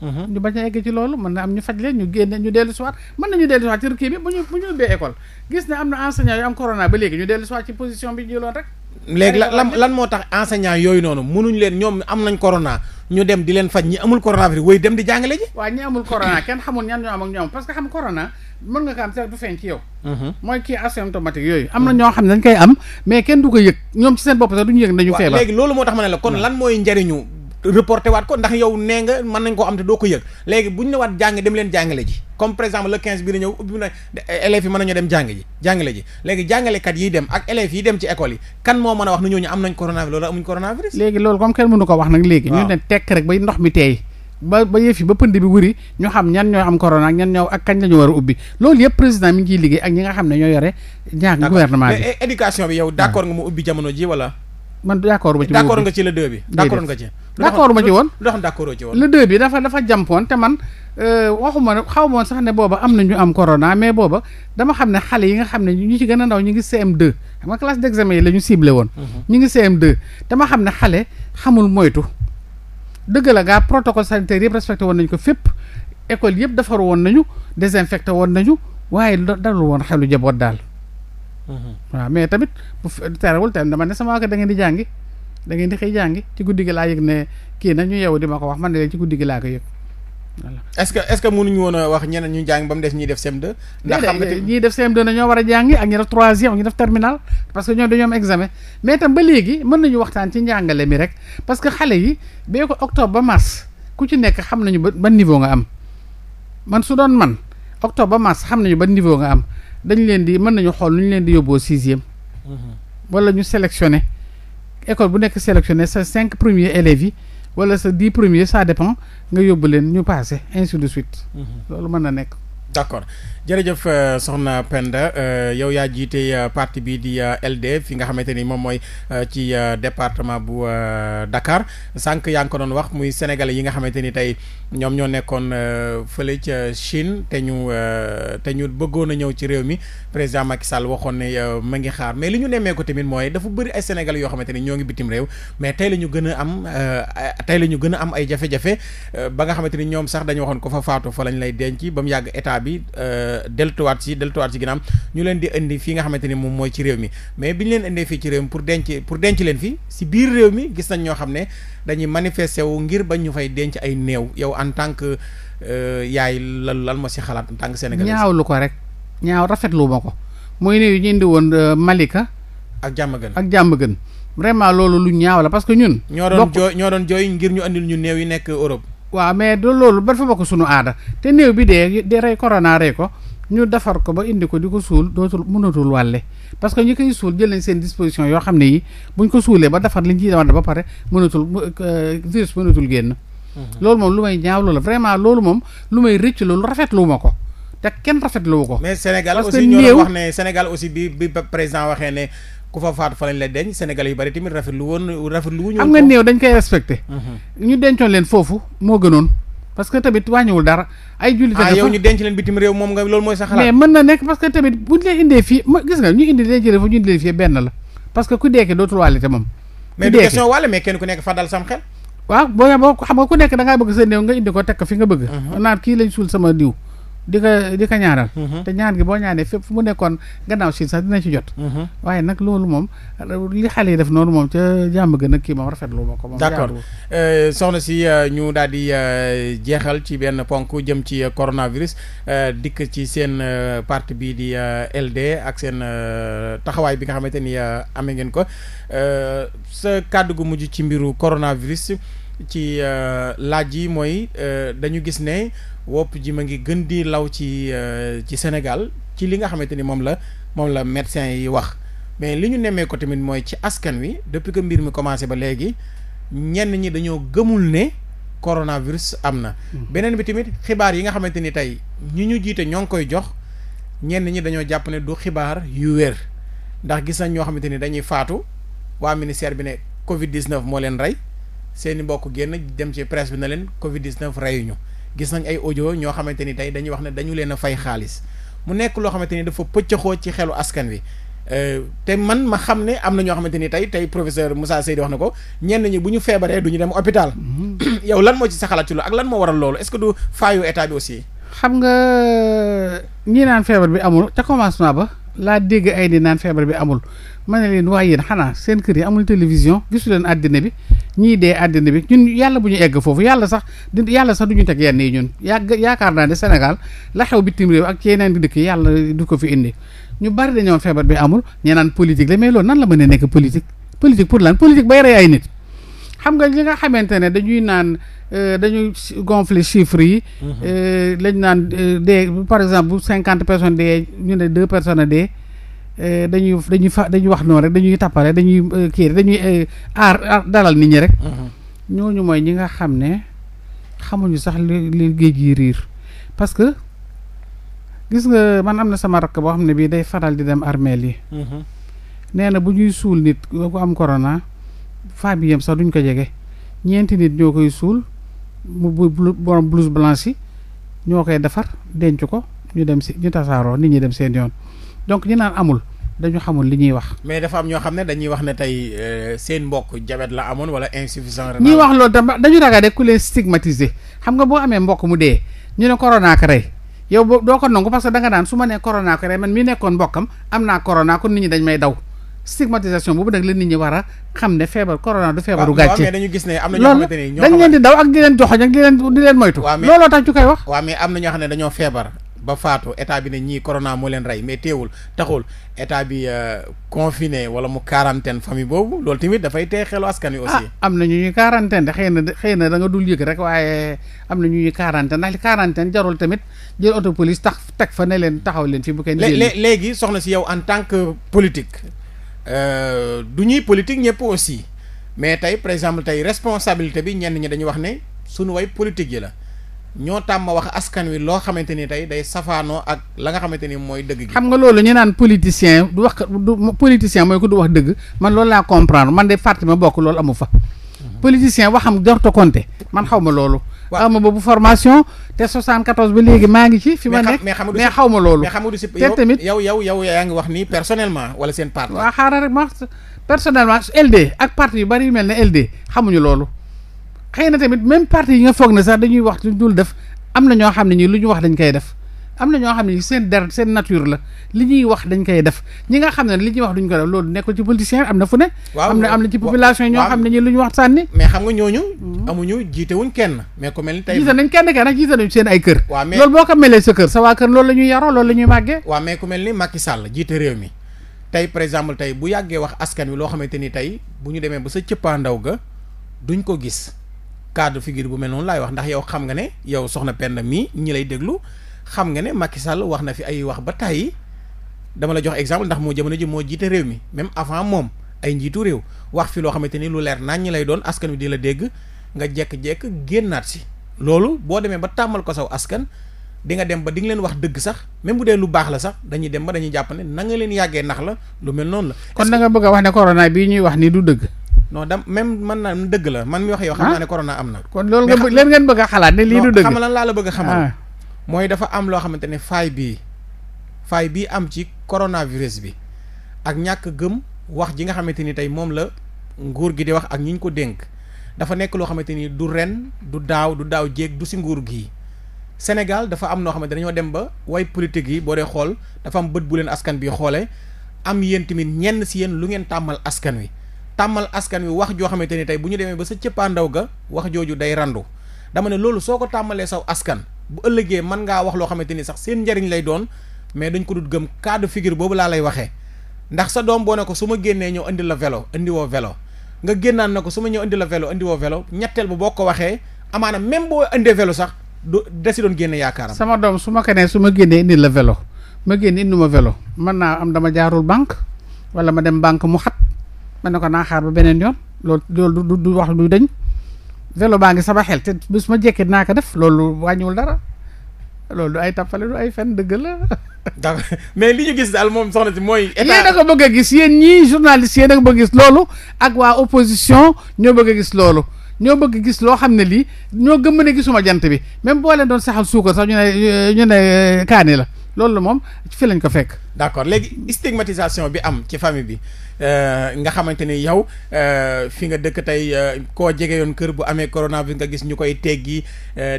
Mhm. ñu bañ a egg ci loolu mën na am ñu faj leen ñu génne ñu dellu siwaat mën nañu dellu siwaat ci kii bi bu ñu bu ñu ubbee école gis ne am na enseignant yu am corona ba léegi ñu dellu siwaat ci position bi jëloon rek léegi lan lan moo tax enseignant yooyu noonu mënuñ leen ñoom am nañ corona ñu dem di leen faj ñi amul corona bi wéy dem di jàngale ji waaw ñi amul corona kenn xamul ñan ñoo am ak ñoo am parce que xam corona mën nga ko am sax du feeñ ci yow mhm. mooy kii asymptomatique yooyu am na mhm. ñoo xam ne dañ koy am mais kenn du ko yëg ñoom ci seen bopp sax duñu yëg nañu feebar léegi loolu moo tax ma ne la kon lan mooy njariñu reporté waat ko ndax yow nee nga mën nañ koo am te doo ko yëg léegi bu ñu ne waat jàng dem leen jàngale ji comme par exemple le yi dem ak élèves yi dem ci école yi kan moo mën a wax ne ñooñu am nañ coronavirus loolu amuñ coronavirus léegi loolu comme kenn mënu ko wax nag léegi ñu ne tekk rek bay ndox mi teey ba ba ba pënd bi wuri ñu xam ñan ñoo am corona ak ñan ñoo ak kañ la ñu ubbi loolu yëpp président mi ngi liggéey ak ñi nga xam ne ñoo yore ñaar man d'accord ma ci. d'accord nga ci le deux bi. d'accord nga ci. d'accord ma ci woon lu tax d'accord ci woon. le deux bi dafa dafa jàmpoon te man euh, waxuma ne xaw ma woon sax ne booba am na ñu am corona mais booba dama xam ne xale yi nga xam ne ñu ci gën a ndaw ñu ngi CM2 xam nga classe d'examen yi la ñu ciblé woon. Mhm. ñu ngi CM2 dama xam ne xale xamul moytu. dëgg la gaa protocole sanitaire yëpp respecté woon nañ ko fépp école yëpp defar woon nañu désinfecté woon nañu waaye dalul woon xelu jaboot daal. waa mais tamit bu terewul tamit dama ne sama waa kër da ngeen di jàngi da ngeen di xëy jàngi ci guddi gi laa yëg ne kii na ñu yeewu di ma ko wax man de ci guddi gi laa ko yëg voilà. est-ce que est-ce que mënuñu wax ñeneen ñu jàng ba mu des ñiy def CM2. ndax xam nga ñiy def CM2 na ñoo war a jàngi ak ñi def troisième ak ñi def terminal parce que ñoom dañoo examen mais tam ba léegi mën nañu waxtaan ci njàngale mi rek parce que xale yi bee ko octobre ba mars ku ci nekk xam nañu ba ban niveau nga am man su doon man octobre mars xam nañu ban niveau nga am dañ leen di mën nañu xool lu ñu leen di yóbboo sixième. Mhm. wala ñu sélectionné école bu nekk sélectionné sa cinq premiers élèves yi wala sa dix premiers ça dépend nga yóbbu leen ñu passé ainsi de suite. Mhm. loolu mën na nekk. d'accord. jërëjëf euh, soxna Penda euh, yow yaa jiite euh, parti bii di LD fi nga xamante ni moom mooy ci département bu Dakar sànq yaa ngi ko doon wax muy sénégalais yi nga xamante ni tey ñoom ñoo nekkoon fële ca Chine te ñu te ñu bëggoon a ñëw ci réew mi président Macky Sall waxoon ne ma ngi xaar mais li ñu nemmee ko tamit mooy dafa bëri ay sénégalais yoo xamante ni ñoo ngi bitim réew mais tey la ñu gën a am tey la ñu gën a am ay jafe ba nga xamante ñoom sax dañu waxoon ko fa faatu fa lañ lay denc ba mu yàgg état bi. deltuwaat si deltuwaat si ginnaaw ñu leen di indi fii nga xamante ni moom mooy ci réew mi mais bi ñu leen indee fii ci réew mi pour denc pour denc leen fii si biir réew mi gis nañ ñoo xam ne dañuy manifester wu ngir ba ñu fay denc ay néew yow en tan que euh, yaay lan lan moo si xalaat en tant que sénégalais ñaawlu ko rek ñaaw rafetlu ma ko mooy néew yi ñu indi woon euh, Malika ak jàmm gën ak jàmm gën vraiment loolu lu ñaaw la parce que ñun ñoo doon jooy ñoo doon jooy ngir ñu andil ñu néew yi nekk Europe waaw mais ñu defar ko ba indi ko di ko suul dootul mënatul wàlle parce que ñu koy suul jël nañ seen disposition yoo xam ne yi buñ ko suulee ba defar liñ ciy war ba pare mënatul euh, virus mënatul génn mhm. loolu moom lu may ñaawlu la vraiment loolu moom lu may rëcc loolu rafetlu ma ko te kenn rafetlu ko mais Sénégal aussi ñoo wax ne Sénégal aussi bi bi président waxee ne ku fa faatu fa Sénégal yu bari tamit rafetlu woon rafetlu wuñu xam nga néew dañ koy respecté mhm. ñu dencoon leen foofu moo gënoon parce que tamit wàññiwul dara. ay jullit ah yow ñu denc leen bitim réew moom nga loolu mooy sa xalaat. mais mën na nekk parce que tamit buñ leen indee fii gis nga ñu indi leen jëlee fa ñu indi leen fii benn la parce que ku deekee dootul wàlle te moom. mais du question kenn ku nekk fa dal sam xel. waaw boo xam nga ku nekk da bëgg sa nga indi ko teg ko fi nga bëgg. Mhm. naan kii lañ suul sama diw di ko di ko ñaanal mhm. te ñaan gi boo ñaanee fépp fu mu nekkoon gannaaw si sax dina ci jot mhm. waaye nag loolu moom li xale yi def noonu moom ca jàmm gën a kii moom rafetlu ma ko moom d'accord euh, soxna si euh, ñu daal di euh, jeexal ci benn ponk jëm ci coronavirus dikk ci seen parti bii di LD ak seen taxawaay bi nga xamante ni amee ngeen ko sa kàdd gu mujj ci mbiru coronavirus ci laaj yi mooy dañu gis ne wopp ji ma ngi gën di law ci euh, ci Sénégal ci li nga xamante ni moom la moom la médecin yi wax mais li ñu nemmee ko tamit mooy ci askan wi depuis que mbir mi commencé ba léegi ñenn ñi dañoo gëmul ne coronavirus am na. Hmm. beneen bi tamit xibaar yi nga xamante ni tey ñi ñu jiite ñoo ngi koy jox ñenn ñi dañoo jàpp ne du xibaar yu wér ndax gis nañ ñoo xamante ni dañuy faatu waa ministère bi ne Covid 19 moo leen rey seen i mbokk génn dem ci presse bi na leen Covid 19 reyuñu. gis nañ ay audio ñoo xamante ni tey dañuy wax ne dañu leen a fay xaalis mu nekk loo xamante ni dafa pëccëxoo ci xelu askan wi euh, te man ma xam ne am na ñoo xamante ni tey tey professeur Moussa Seydi wax na ko ñenn ñi bu ñu feebaree du ñu dem hôpital. Mm-hmm. yow lan moo ci sa xalaat ci loolu ak lan moo waral loolu est-ce que du faayu état bi aussi. xam nga ñi naan feebar bi amul ca commencement ba. laa dégg ay di naan feebar bi amul ma ne leen waaye yéen xanaa seen kër yi amul télévision gisu leen àddina bi ñii dee àddina bi ñun yàlla bu ñu egg foofu yàlla sax di du ñu teg yenn yi ñun yàgg yaakaar naa ne Sénégal la xew bitim réew ak yeneen di dëkk yàlla du ko fi indi ñu bari dañoo feebar bi amul ñee naan politique la mais loolu nan la mën a nekk politique politique pour lan politique bay rey ay nit xam nga li nga xamante dañuy naan Euh, dañuy gonfler chiffres yi. Mhm. Euh, lañ naan euh, dee par exemple cinquante personne dee ñu ne deux personnes a dee dañuy dañuy fa dañuy wax noonu rek dañuy tappale dañuy kii dañuy aar dalal nit ñi rek. Mhm. ñooñu mooy ñi nga xam ne xamuñu sax li li géej gi riir parce que gis nga man am na sama rakk boo xam ne bii day faral di dem armeel yi. Mhm. nee na bu ñuy suul nit ku am corona famille yam sax duñ ko jege ñeenti nit ñoo koy suul. mu bu borom blouse blanche yi ñoo koy defar denc ko ñu dem si ñu tasaaroo nit ñi dem seen yoon donc ñu naan amul dañu xamul li ñuy wax. mais dafa am ñoo xam ne dañuy wax ne tey euh, seen mbokk jabet la amoon wala insuffisant rénal. ñuy wax loolu tam dañu ragal rek ku leen stigmatiser xam nga boo amee mbokk mu dee ñu ne corona ko rey yow boo doo ko nangu parce que danga naan su ma nee corona ko rey man mi nekkoon mbokkam am naa corona kon nit ñi dañ may daw. stigmatisation boobu nag leen nit ñi war a xam ne feebar corona du feebaru gàcce mais am na ñoo xamante ne dañ leen di daw ak di leen joxoñ ak di leen di leen moytu looloo tax ñu wax waaw mais am na ñoo xam ne dañoo feebar bi ne corona moo leen rey mais teewul taxul état bi euh, confiné wala mu quarantaine famille boobu loolu tamit dafay tee xelu askan wi aussi ah, am na ñu ñuy quarantaine de xëy na danga dul yëg rek waaye am na ñu ñuy quarantaine ndax li quarantaine jarul tamit jël auto police teg fa ne leen taxaw leen fi bu kenn léegi soxna si yow en tant que politique Euh, du ñuy politique ñëpp aussi mais tey par exemple tey responsabilité bi ñenn ñi dañuy wax ne suñu way politique yi la ñoo ma wax askan wi loo xamante ni tey day safaanoo ak la nga xamante ni mooy dëgg xam nga loolu ñu naan politicien du wax du politicien mooy ko du wax dëgg man loolu laa comprendre man de parti ma bokk loolu amu fa. Mhm. politicien waxam jorto compté man xaw ma loolu. aw ma boobu formation te 74 ba léegi maa ngi ci fi ma nekk mais xaw ma loolu mais xamadu si te tamit yow yow yow yaa ngi wax ni personnellement wala seen part waaw xaaral rek ma wax personnellement LD ak parti yu bari yu mel ne LD xamuñu loolu xëy na tamit même parti yi nga foog ne sax dañuy wax lu dul def am na ñoo xam ne ñii lu ñu wax dañ koy def am na ñoo xam ne seen der seen nature la li ñuy wax dañ koy def ñi nga xam ne li ñuy wax duñ ko def loolu nekk ci politicien am na fu ne. am na am na ci population yi ñoo xam ne ñu lu ñu wax sànni. mais xam nga ñooñu. Mm-hmm. amuñu jiite kenn mais ku nañ kenn kenn nag jiite nañ seen ay ko melee sa kër sa waa kër loolu la ñuy yaroo loolu la ñuy màggee. waaw mais ku mel mi tey par exemple tey bu yàggee wax askan wi loo xamante ni tey bu ñu demee ba sa cëppaandaw ga duñ ko gis cadre figure bu mel noonu laay wax ndax yow xam nga ne yow soxna Penda mii ñi lay déglu xam nga ne Macky Sall wax na fi ay wax ba tàyyi dama la jox exemple ndax moo jamono ji moo jiite réew mi même avant moom ay njiitu réew wax fi loo xamante ni lu leer nañ lay doon askan wi di la dégg nga jekk-jekk génnaat si loolu boo demee ba tàmmal ko saw askan di nga dem ba di nga leen wax dëgg sax même bu dee lu baax la sax dañuy dem ba dañuy jàpp ne na nga leen yàggee nax la lu mel noonu la. kon da nga bëgg a wax ne corona bii ñuy wax ni du dëgg. non da même man naa la ah. na. nga leen a xalaat ne lii du dëgg. xam a mooy dafa am loo xamante ne faay bii faay bii am ci coronavirus bi ak ñàkk gëm wax ji nga xamante ni tey moom la nguur gi di wax ak ñi ñu ko dénk dafa nekk loo xamante ni du ren du daaw du daaw jéeg du si nguur gi Sénégal dafa am noo xamante dañoo dem ba way politique yi boo dee xool dafa am bët bu leen askan bi xoole am yéen tamit ñenn si yéen lu ngeen tàmmal askan wi tàmmal askan wi wax joo xamante ni tey bu ñu demee ba sa cëppaandaw ga wax jooju day randu dama ne loolu soo ko tàmmalee saw askan bu ëllëgee mën ngaa wax loo xamante ni sax seen njariñ lay doon mais dañ ko dut gëm cas de boobu laa lay waxee ndax sa doom boo ne ko su ma génnee ñëw indi la velo nga génnaan na ko su ma ñëw indi la vélo ñetteel bu boo ko waxee amaana même boo indee vélo sax du desi doon génne sama doom su ma ko nee su ma génnee indi la vélo ma génne indi ma vélo mën naa am dama jaarul banque wala ma dem banque mu xat ma ne ko naa xaar ba beneen yoon loolu loolu du du wax du dañ. vélo baa ngi saba xel te bis ma jekkee naa ko def loolu wàññiwul dara loolu du ay tappale du ay fen dëgg la. d'accord mais li ñu gis daal moom soxna si mooy. état yéen a bëgg a gis yéen ñii journaliste yéen a ko bëgg a gis loolu ak waa opposition ñoo bëgg a gis loolu. ñoo bëgg gis loo xam ne lii ñoo gëm ne gisuma jant bi même boo leen doon saxal suukar sax ñu ne ñu ne kaani la. loolu la moom fi lañ ko fekk. d' accord léegi stigmatisation bi am ci famille bi euh, nga xamante ni yow euh, fi nga dëkk tey euh, koo jege yoon kër bu amee coronavirus nga gis ñu koy teggi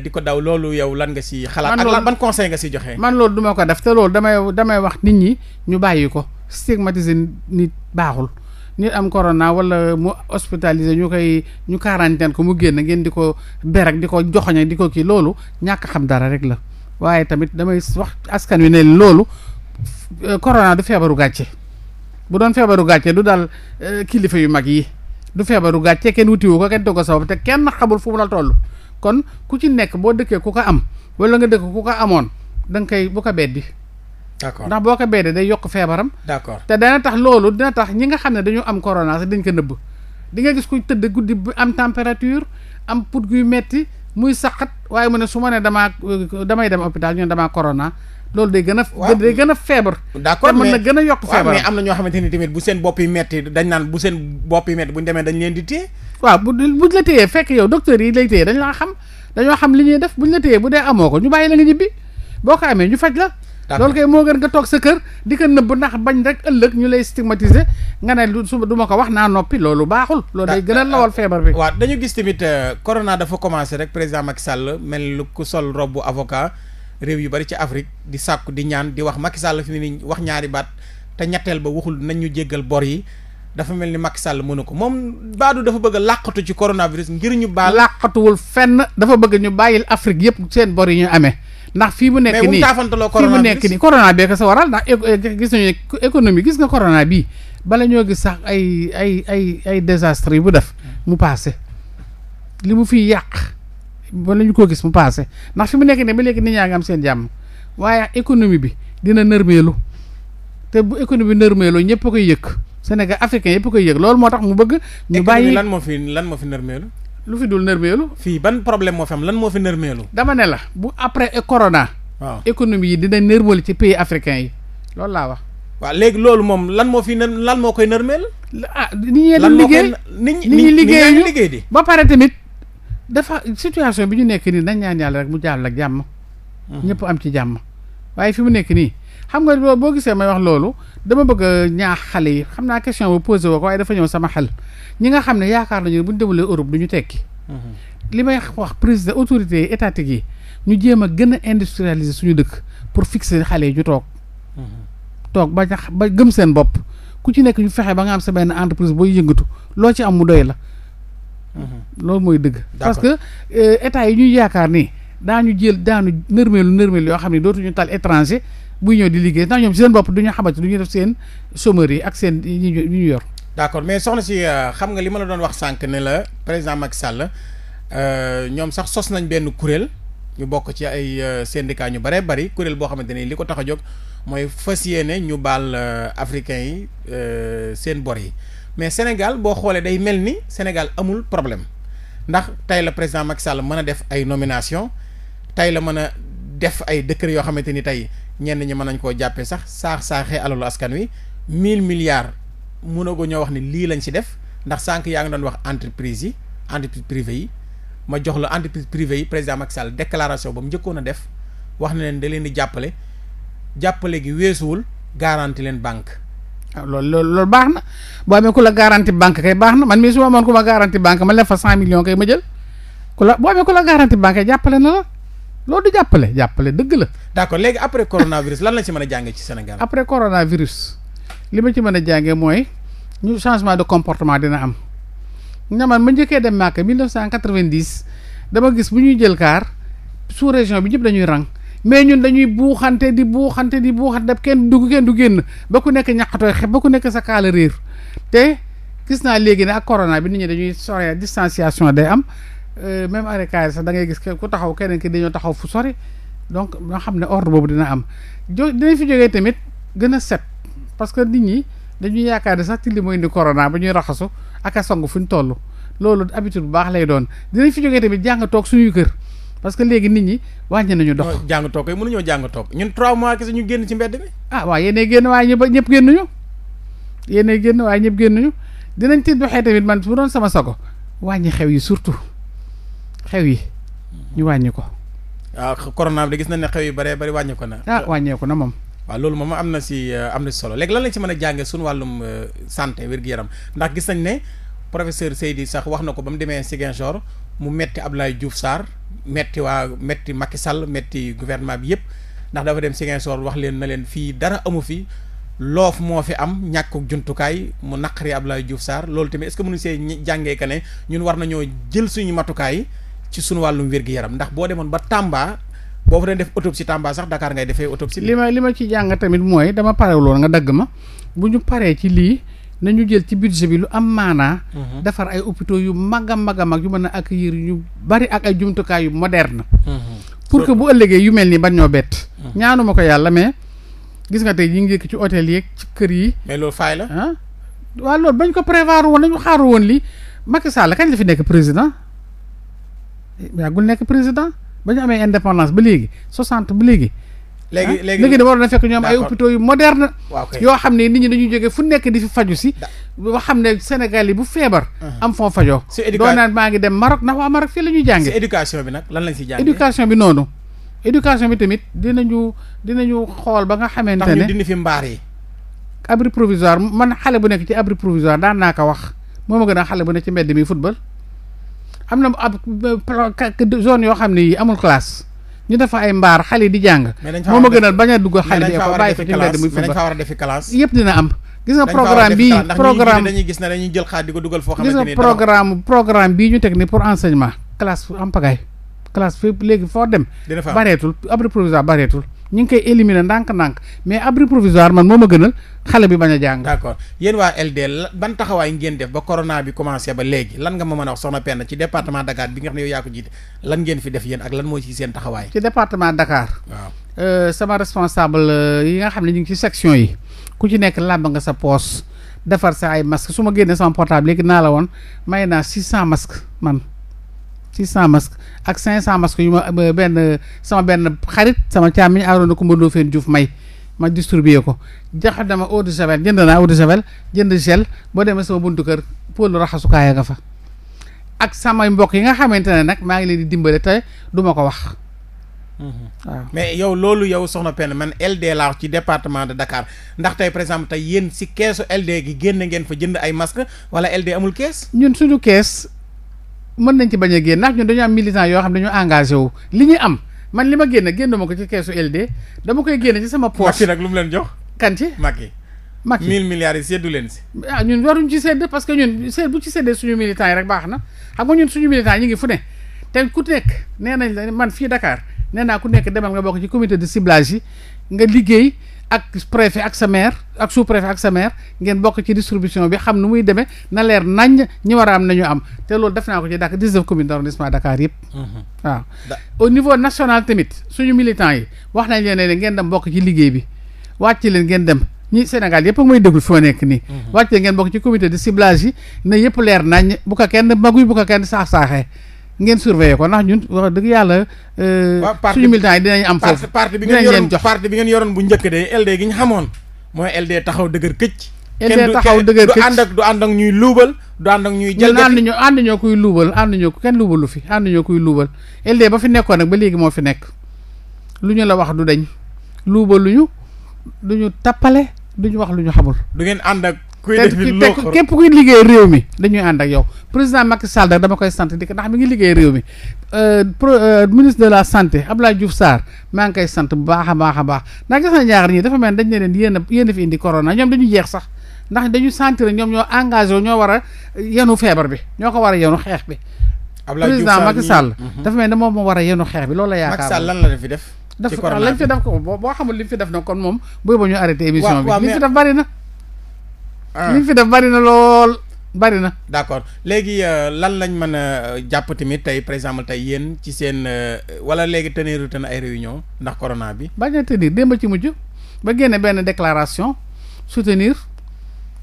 di ko daw loolu yow lan nga si. xalaat ak lan ban conseil nga si joxe. man loolu duma ko def te loolu damay damay wax nit ñi ñu bàyyi ko stigmatiser nit baaxul. nit am corona wala mu hospitalisé ñu koy ñu quarantaine ko mu génn ngeen di ko berek di ko joxoñ di ko kii loolu ñàkk xam dara rek la. waaye tamit damay wax askan wi ne loolu euh, corona du feebaru gàcce bu doon feebaru gàcce du daal euh, kilifa yu mag yi du feebaru gàcce kenn wutiwu ko kenn teg ko sabab te kenn xamul fu mu la toll kon ku ci nekk boo dëkkee ku ko am wala nga dëkk ku ko amoon danga nga koy bu ko beddi d'accord ndax boo ko beddee day yokk feebaram d'accord te dana tax loolu dina tax ñi nga xam ne dañu am corona sax dañ ko nëbb di nga gis ku tëdd guddi bu am température am put guy metti muy saxat waaye mu ne su ma ne damaa damay dem hôpital ñu ne damaa corona loolu day gën a. gën a feebar. d'accord mais mën na gën a yokk feebar mais am na ñoo xamante ni tamit bu seen bopp yi metti dañ naan bu seen bopp yi metti bu demee dañ leen di téye. waaw bu buñ la téyee fekk yow docteur yi lay téye dañ laa xam dañoo xam li ñuy def buñ la téyee bu dee amoo ko ñu bàyyi la nga ñibbi boo ko amee ñu faj la loolu kay moo gën nga toog sa kër di ko nëbb ndax bañ rek ëllëg ñu lay stigmatiser nga ne lu suba du ko wax naa noppi loolu baaxul loolu day gën a lawal feebar bi waaw dañu gis tamit euh, corona dafa commencé rek président Macky Sall mel lu ku sol robbu avocat réew yu bari ci Afrique di sàkku di ñaan di wax Macky Sall fi ni wax ñaari baat te ñetteel ba waxul nañ ñu jéggal bor yi dafa mel ni Macky Sall mënu ko moom Badou dafa bëgg a ci coronavirus ngir ñu baal làqatuwul fenn dafa bëgg ñu bàyyil Afrique yëpp seen bor yi ñu amee ndax fii mu nekk nii fii mu nekk nii corona bi sa waral ndax gis nañu économie gis nga corona bii bala ñoo gis sax ay ay ay ay désastre yi bu def mu paase li mu fiy yàq bala ñu koo gis mu paase ndax fi mu nekk nii ba léegi nit ñaa ngi am seen jàmm waaye économie bi dina nërmeelu te bu économie bi nërmeelu ñëpp a koy yëkk Sénégal africain yëpp koy yëg loolu moo tax mu bëgg. ñu bàyyi lan moo fi lan moo fi nërmeelu. lu fi dul nërmeelu. fii ban problème moo fi am lan moo fi nërmeelu. dama ne la bu après e corona. waaw économie yi dina nërmeelu ci pays africains yi loolu laa wax. waaw léegi loolu moom lan moo fi nar lan moo koy nërmeel. ah ni ñee doon liggéey ni ñuy liggéey di ba pare tamit dafa situation bi ñu nekk nii nañ ñaan yàlla rek mu jàll ak jàmm. Hmm. ñëpp am ci jàmm waaye fi mu nekk nii. xam nga boo gisee may wax loolu dama bëgg a ñaax xale yi xam naa question bu posé woo ko waaye dafa ñëw sama xel ñi nga xam ne yaakaar nañu bu ñu demulee Europe du ñu tekki. Mhm. li may wax président autorité étatique yi ñu jéem a gën a suñu dëkk pour fixer xale yi ñu toog. Mhm. toog ba ba gëm seen bopp ku ci nekk ñu fexe ba nga am sa benn entreprise booy yëngatu loo ci am mu doy la. Mhm. loolu mooy dëgg. parce que euh, état yi ñuy yaakaar ni daañu jël daanu nërmeelu nërmeelu yoo xam ne dootuñu tal étranger. buy ñëw di liggéey ndax ñoom seen bopp du ñu xamante du ñu def seen chômeurs ak seen ñi ñu yor. d'accord mais soxna si euh, xam nga li ma la doon wax sànq ne la président Macky Sall euh, ñoom sax sos nañ benn kuréel ñu bokk ci ay euh, syndicat ñu bare bari kuréel boo xamante ni li ko tax a jóg mooy fas yéene ñu baal africain yi seen bor yi mais Sénégal boo xoolee day mel ni Sénégal amul problème ndax tey la président Macky Sall mën a def ay nomination tey la mën a def ay décret yoo xamante ni tey ñenn ñi mën nañ koo jàppee sax saax saaxee alalu askan wi mille milliards mënagoo ñoo wax ni lii lañ si def ndax sànq yaa ngi doon wax entreprise yi entreprise privée yi ma jox la entreprise privée yi président Macky Sall déclaration ba mu njëkkoon a def wax na leen da leen di jàppale jàppale gi weesuwul garanti leen banque. lool lool loolu baax na boo amee ku la garanti banque kay baax na man mii su ma amoon ku ma garanti banque ma lef loolu di jàppale jàppale dëgg la. d'accord léegi après coronavirus lan lañ ci mën a jàngee ci Sénégal. après coronavirus li ma ci mën a jàngee mooy ñu changement de comportement dina am ñu man ma njëkkee dem Màkka 1990 dama gis bu ñuy jël kaar sous région bi ñëpp dañuy rang mais ñun dañuy buuxante di buuxante di buuxante kenn dugg kenn du génn ba ku nekk ñaqatooy xeb ba ku nekk sa kaala réer te gis naa léegi ne ak corona bi nit ñi dañuy sore distanciation day am. Euh, même arrêt car sax da ngay gis ku taxaw keneen ki dañoo taxaw fu sori donc ñoo xam ne ordre boobu dina am jo dinañ fi jógee tamit gën a set parce que nit ñi dañuy yaakaar ne sax li mu indi corona ba ñuy raxasu ak a fu ñu toll loolu habitude bu baax lay doon dinañ fi jógee tamit jàng toog suñuy kër parce que léegi nit ñi wàññi nañu dox. jàng toog kay mënuñoo jàng toog ñun 3 mois kese ñu génn ci mbedd mi. ah waaw yéenay génn waaye ñëpp ñëpp génnuñu yéenay génn waaye ñëpp génnuñu dinañ te doxee tamit man bu doon sama sago wàññi xew yi surtout. xew yi ñu wàññi ko. ah corona bi gis nañ ne xew yi bëree bari wàññi ko na. ah wàññeeku na moom. waaw loolu moom am na si euh, am na si solo léegi lan lañ si mën a jàngee suñu wàllum euh, santé wér-gu-yaram ndax gis nañ ne professeur Seydi sax wax na ko ba mu demee Ziguinchor mu metti Abdoulaye Diouf Sarr metti waa metti Macky Sall metti gouvernement bi yëpp ndax dafa dem Ziguinchor wax leen na leen fii dara amu fi loof moo fi am ñàkk jumtukaay mu naqari Abdoulaye Diouf Sarr loolu tamit est-ce que mënu jàngee que ne ñun war nañoo jël suñu matukaay. ci sunu wàllum wér-gi-yaram ndax boo demoon ba Tamba boo fa doon def autopsie Tamba sax dakaar ngay defee autopsie. li ma li ma ci jàng tamit mooy dama parewuloon nga dagg ma bu ñu paree ci lii nañu jël ci budget bi lu am maanaa. Mhm. defar ay hôpitaux yu mag a mag mag yu mën ak accueillir yu bari ak ay jumtukaay yu moderne. Mhm. pour que bu ëllëgee yu mel nii ban ñoo bett. Mhm. ñaanuma ko yàlla mais gis nga tey ñu ngi yëkk ci hôtel yeeg ci kër yi. mais loolu faay la. ah waaw loolu bañ ko prévoir woon nañu woon lii Macky Sall kañ la fi nekk président. yàggul nekk président ba ñu amee indépendance ba léegi 60 ba léegi. léegi ah, léegi léegi da waroon a fekk ñoom am ay hôpitaux yu moderne yoo xam ne nit ñi dañuy jógee fu nekk di fi faju si ba xam ne Sénégal yi bu feebar uh-huh. am foo fajoo doo naan maa ngi dem Maroc ndax waa Maroc fii la ñuy jànge éducation bi nag lan lañ si jànge éducation bi noonu éducation bi tamit ñu dina ñu xool ba nga xamante ne dindi fi mbaar yi abri provisoire man xale bu nekk ci abri provisoire daan naa ko wax moo a gën a xale bu nekk ci mbedd mi football am na ab zone yoo xam ne yi amul classe ñu dafa ay mbaar xale di jàng moo ma gënal bañ a dugg xale di école bàyyi fa ci mbedd muy football yëpp dina am gis nga programme bi programme gis ne dañuy jël xaar di ko dugal foo xamante ni gis nga programme programme bii ñu teg ni pour enseignement classe am pagaille classe fépp léegi foo dem bareetul abri provisoire bareetul ñu ngi koy éliminer ndànk-ndànk mais abri provisoire man moo ma gënal xale bi bañ a jàng. d'accord yéen waa LD ban taxawaay ngeen def ba corona bi commencé ba léegi lan nga ma mën a wax soxna Penda ci département Dakar bi nga xam ne yow yaa jiite lan ngeen fi def yéen ak lan mooy ci seen taxawaay. ci département Dakar. waaw euh, sama responsable euh, yi nga xam ne ñu ngi ci section yi ku ci nekk làmb nga sa poos defar sa ay masques su ma génnee sama portable léegi naa la may naa 600 masques man. ci cent masques ak cinq cent masques yu ma benn sama benn xarit sama càmmiñ Arouna Coumba Ndoffène Diouf may ma distribué ko jax dama eau de javel jënd naa eau de javel jënd gel boo demee sama buntu kër pôle raxasukaay nga fa ak samay mbokk yi nga xamante ne nag maa ngi leen di dimbale te du ma ko wax mm-hmm. mais yow loolu yow soxna Penda man LD laa ci département de Dakar ndax tey par exemple tey yéen si keesu LD gi génn ngeen fa jënd ay masque wala LD amul kees ñun suñu kees mën nañ ci bañ a génn ndax ñun dañu am militant yoo xam ne dañoo engagé wu li ñu am man li ma génn génn ma ko ci keesu LD dama koy génn ci sama poche. Macky nag lu mu leen jox. kan ci Macky. Macky mille milliards leen si. ah ñun waruñ ci sedd parce que ñun sedd bu ci seddee suñu militant yi rek baax na xam nga ñun suñu militant yi ñu ngi fu ne te ku nekk nee nañ la man fii Dakar nee naa ku nekk demal nga bokk ci comité de ciblage yi nga liggéey. ak préfet ak sa maire ak sous préfet ak sa maire ngeen bokk ci distribution bi xam nu muy demee na leer nañ ñi war a am nañu am te loolu def naa ko ci Dakar dix-neuf communes d'arrondissement Dakar yëpp. Mhm. au niveau national tamit suñu militants yi wax nañ leen ngeen dem bokk ci liggéey bi wàcc leen ngeen dem. ñi Sénégal yëpp mooy déglu fi ma nekk nii. Mhm. wàcce ngeen bokk ci comité de ciblage yi ne yëpp leer nañ bu kenn maguy bu ko kenn saax saaxee. ngeen surveiller ko ndax ñun wax dëgg yàlla. Euh, suñu militant yi dinañ am foofu. parti bi ngeen yoroon parti bi ngeen yoroon bu njëkk de LD gi ñu xamoon mooy LD taxaw dëgër këcc. LD taxaw dëgër këcc du ànd ak du ànd ak ñuy luubal. du ànd ak ñuy jël ñun ànd ñoo ànd ñoo kuy luubal ànd ñoo kenn luubalu fi ànd ñoo kuy luubal LD ba fi nekkoon nag ba léegi moo fi nekk lu ñu la wax du dañ luubaluñu duñu tappale duñu wax lu ñu xamul. du ngeen ànd ak te képp kuy liggéey réew mi dañuy ànd ak yow président Macky Sall dama koy sant di ko ndax mi ngi liggéey réew mi euh, euh, ministre de la santé Abdoulaye Diouf Sarr maa ngi koy sant bu baax a baax a baax ndax gis na ñaar ñii dafa mel dañ ne leen yéen a yéen a fi indi corona ndax dañu sentir ñoom ñoo engagé ñoo war a feebar bi ñoo ko war a yenu xeex bi président Macky Sall mhm. dafa mel ne moom moo war a yenu xeex bi loolu la yaakaar Macky Sall lan fi def def ko boo xamul li fi def na kon moom booy ba ñu émission bi li fi def bari na Ah. li fi def bari na lool bari na. d' accord léegi euh, lan lañ mën a euh, jàpp tamit tey par exemple tey yéen ci seen euh, wala léegi tenir na ay réunion ndax corona bi. bañ a tenir démb ci mujj ba génne benn déclaration soutenir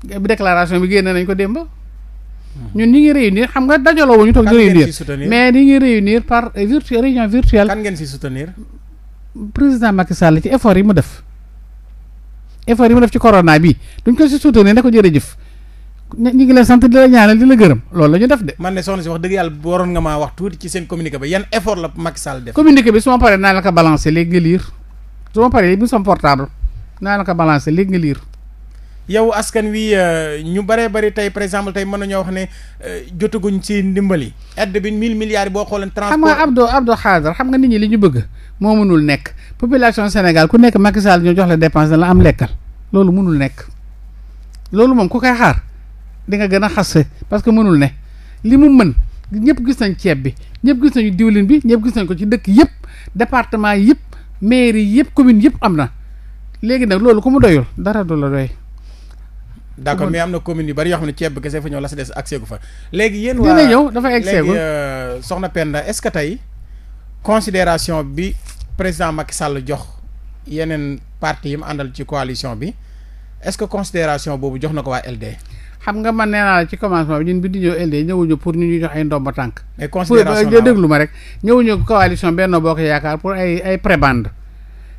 déclaration bi génne nañ ko démb. Mhm. ñun ñi ngi réunir xam nga dajaloo wu ñu toog di réunir mais ñi ngi réunir par virtu réunion virtuelle. kan ngeen si soutenir. président Macky Sall ci effort yi mu def. effort yi mu def ci corona bi duñ ko si soutenir ne ko jërëjëf ñu ngi leen sant di la ñaanal di la gërëm loolu la ñu def de. man ne soxna si wax dëgg yàlla waroon nga maa wax tuuti ci seen communiqué ba yan effort la Macky Sall def. communiqué bi su ma paree naa la ko balancé léegi liir su paree bi sama portable naa la ko balancé léegi nga liir yow askan wi euh, ñu bëree bari tey par exemple tey mën nañoo wax ne euh, jotaguñ ci ndimbali aide bi mille milliards boo xoolee. transport xam nga Abdou Abdou Khadre xam nga nit ñi li ñu bëgg moo mënul nekk population Sénégal ku nekk Macky Sall ñu jox la dépense la am lekkal loolu mënul nekk loolu moom ku kay xaar di nga gën a xase parce que mënul ne li mu mën ñëpp gis nañ ceeb bi ñëpp gis nañu diwlin bi ñëpp gis nañ ko ci dëkk yëpp département yëpp mairie yëpp commune yëpp am na léegi nag loolu ku mu doyul dara du la doy. d' accord mais am na commune yu bari yoo xam ne ceeb bi kese fa ñëw la sa des accès gu fa. léegi yéen waa léegi euh, soxna Penda est ce que tey considération bi président Macky Sall jox yeneen parti yi mu àndal ci coalition bi est ce que considération boobu jox na ko waa LD. xam man ci commencement bi ñun bi di ñëw LD ñëwuñu pour ñu ñu jox ay ndomba tànk. mais considération pour euh, déglu ma rek ñëwuñu coalition Benno Bokk Yaakaar pour ay ay prébande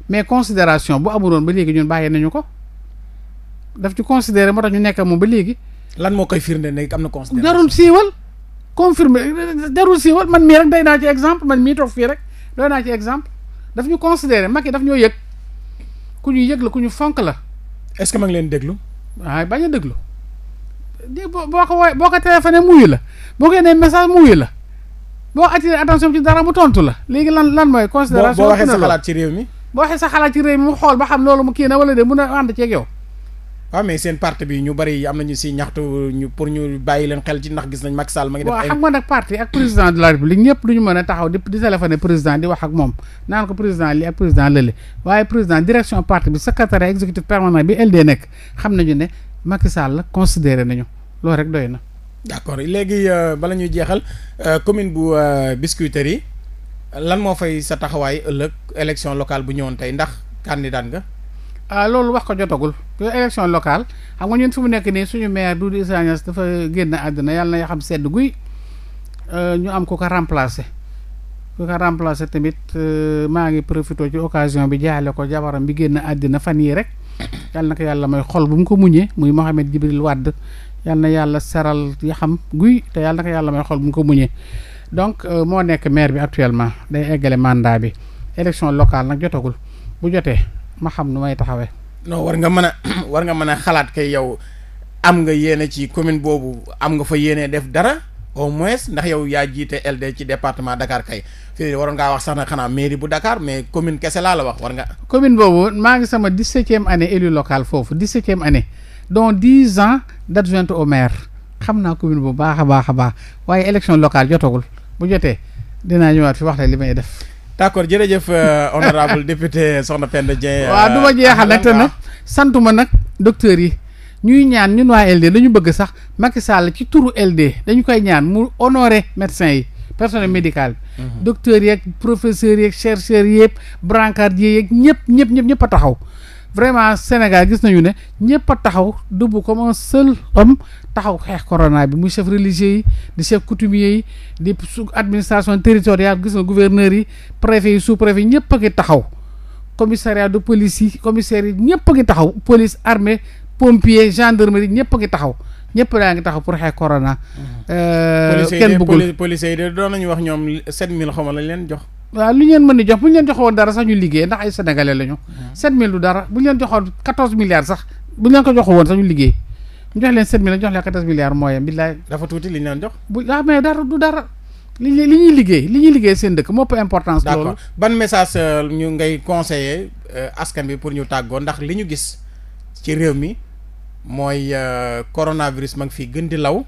mais considération bu amuloon ba léegi ñun bàyyi nañu ko. daf ci considéré moo tax ñu nekk moom ba léegi. lan moo koy firnde ne am na considération jarul siiwal confirmé jarul siiwal man mii rek day naa ci exemple man mii toog fii rek doy naa ci exemple daf ñu considéré yi daf ñoo yëg ku ñu yëg la ku ñu fonk la. est-ce leen déglu. waaye bañ déglu. di boo boo ko wooyee boo ko téléphoné muuyu la boo ko yónnee message muuyu la boo attiré attention ci dara mu tontu la léegi lan lan mooy. considération boo waxee sa xalaat ci réew mi. boo waxee sa xalaat ci réew mi mu xool ba xam loolu mu kii na wala de mun a ànd ceeg yow. waaw ah, seen parti bi ñu bari am nañu si ñaxtu ñu pour ñu bàyyi leen xel ci ndax gis nañ Macky Sall ma ngi def waaw xam nga nag parti ak président de la république ñëpp a taxaw di di téléphoné di wax ak moom naan ko président lii ak président lële waaye président direction parti bi secrétaire bi LD nekk xam nañu ne Macky Sall considéré nañu loolu rek doy na d'accord léegi euh, bala ñuy jeexal euh, commune bu euh, Biscuiterie yi lan moo fay sa taxawaay ëllëg élection locale bu ñëwoon tey ndax candidat nga ah loolu wax ko jotagul élection locale xam nga ñun fi mu nekk nii suñu maire Doudou di Niass dafa génn àddina yàlla na xam sedd guy euh, ñu am ku ko remplacer ku ko remplacer tamit euh, maa ngi profité ci occasion bi jaale ko jabaram bi génn àddina fan yii rek yàlla na ko yàlla may xol bu mu ko muñee muy Mohamed Jibril Wade yàlla na yàlla seral ya xam guy te yàlla na ko yàlla may xol bu mu ko muñee donc euh, moo nekk maire bi actuellement day eggale mandat bi élection locale nag jotagul ma xam nu may taxawee. non war nga mën a war nga mën a xalaat kay yow am nga yéene ci commune boobu am nga fa yéene def dara au moins ndax yow yaa jiite LD ci département Dakar kay waroon ngaa wax sax na xanaa mairie bu Dakar mais commune kese laa la wax war nga. commune boobu maa ngi sama dix-septième année élu local foofu dix-septième année dont dix ans d'adjointe au maire xam naa commune bu baax a baax a baax waaye élection locale jotagul bu jotee dinaa ñëwaat fi wax la li may def. d' accord jërëjëf euh, honorable député Soxna Penda Dieng. waaw du ma euh, jeexal nag te nag sant ma nag docteur yi ñuy ñaan ñun waa LD dañu bëgg sax Macky Sall ci turu LD dañu koy ñaan mu honoré médecin yi personnel médical bi. Mhm. docteurs yeeg professeurs yeeg chercheurs yëpp brancardiers yeeg ñëpp ñëpp ñëpp ñëpp a taxaw. vraiment Sénégal gis nañu ne ñëpp a taxaw dëbb comme un taxaw xeex corona bi muy chef religieux yi di chef coutumier yi di su administration territoriale gis nga gouverneur yi préfet yi sous préfet ñëpp a ngi taxaw commissariat de police yi commissaire yi ñëpp a ngi taxaw police armée pompier gendarmerie ñëpp ngi taxaw ñëpp daa ngi taxaw pour xeex corona. Euh, kenn bëggul policiers yi de doon nañu wax ñoom 7000 xaw ma lañ leen jox. waaw lu ñu mën di jox bu ñu leen joxoon dara sax ñu liggéey ndax ay sénégalais lañu. 7000 du bu ñu leen joxoon 14 milliards sax bu ñu leen ko joxoon sax ñu liggéey. ñu jox leen sept milliards jox leen quatorze milliards mooy am billaay dafa tuuti li ñu leen jox. bu amee ah, dara du dara. li ñuy li ñuy liggéey li ñuy liggéey seen dëkk moo ëpp importance. loolu d'accord ban message euh, ñu ngay conseiller euh, askan bi pour ñu tàggoo ndax li ñu gis ci réew mi mooy euh, coronavirus ma ngi fii gën di law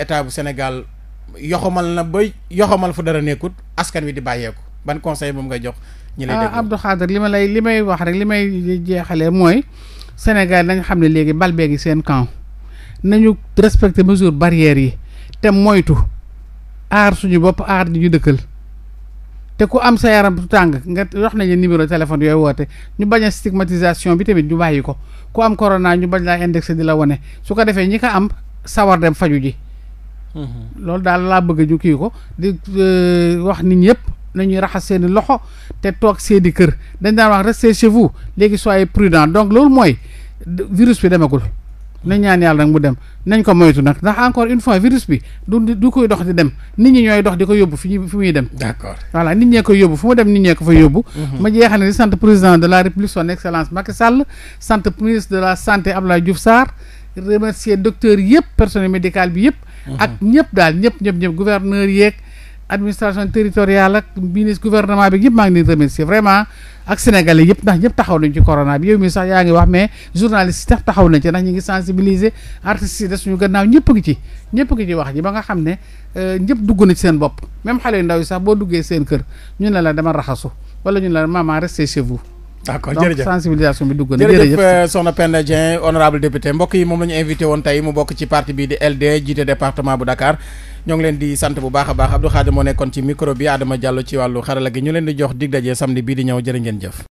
état bu Sénégal yoxamal na ba yoxamal fu dara nekkut askan wi di bàyyeeku ban conseil moom ngay jox. ñi lay ah, déglu ah li ma lay li may wax rek li may jeexalee mooy. Sénégal dañ xam ne léegi bal bee seen camp nañu respecter mesures barrières yi te moytu aar suñu bopp aar di ñu dëkkal te ku am sa yaram du tàng nga wax nañu numéro téléphone yooyu woote ñu bañ a stigmatisation bi tamit ñu bàyyi ko ku am corona ñu bañ laa indexé di la wane su ko defee ñi ko am sawar dem faju ji. Mhm. loolu daal laa bëgg ñu kii ko di euh, wax nit ñëpp. nañuy raxas seeni loxo te toog seeni kër dañ daan wax restez chez vous léegi soyez prudent donc loolu mooy virus bi demagul nañ ñaan yàlla nag mu dem nañ ko moytu nag ndax encore une fois virus bi du koy dox di dem nit ñi ñooy dox di ko yóbbu fi ñu fi muy dem. d'accord voilà nit ñee koy yóbbu fu mu dem nit ñee ko fa yóbbu. Mhm. ma jeexal di sant président de la république son excellence Macky Sall sant ministre de la santé Abdoulaye Diouf Sarr remercier docteur yëpp personnel médical bi yëpp. Mhm. ak ñëpp daal ñëpp ñëpp ñëpp gouverneur yeeg. administration territoriale ak ministre gouvernement bi yëpp maa ngi leen remercier vraiment ak sénégalais yëpp ndax ñëpp taxaw nañ ci corona bi yow mi sax yaa ngi wax mais journaliste sax taxaw nañ ci ndax ñu ngi sensibiliser artistes suñu gannaaw ñëpp ngi ci ñëpp ngi ci wax ji ba nga xam ne euh, ñëpp dugg na seen bopp même xale yu ndaw yi sax boo duggee seen kër ñu ne la dama raxasu wala ñu ne la maman restez chez donc sensibilisation bi dugg na jërëjëf euh, soxna Penda yi moom la ñu invité woon tey mu bokk ci parti bi di LD jiite département ñoo ngi leen di sant bu baax a baax Abdou Khadre moo nekkoon ci micro bi Adama Diallo ci wàllu xarala gi ñu leen di jox dig daje samedi bi di ñëw jërë ngeen jëf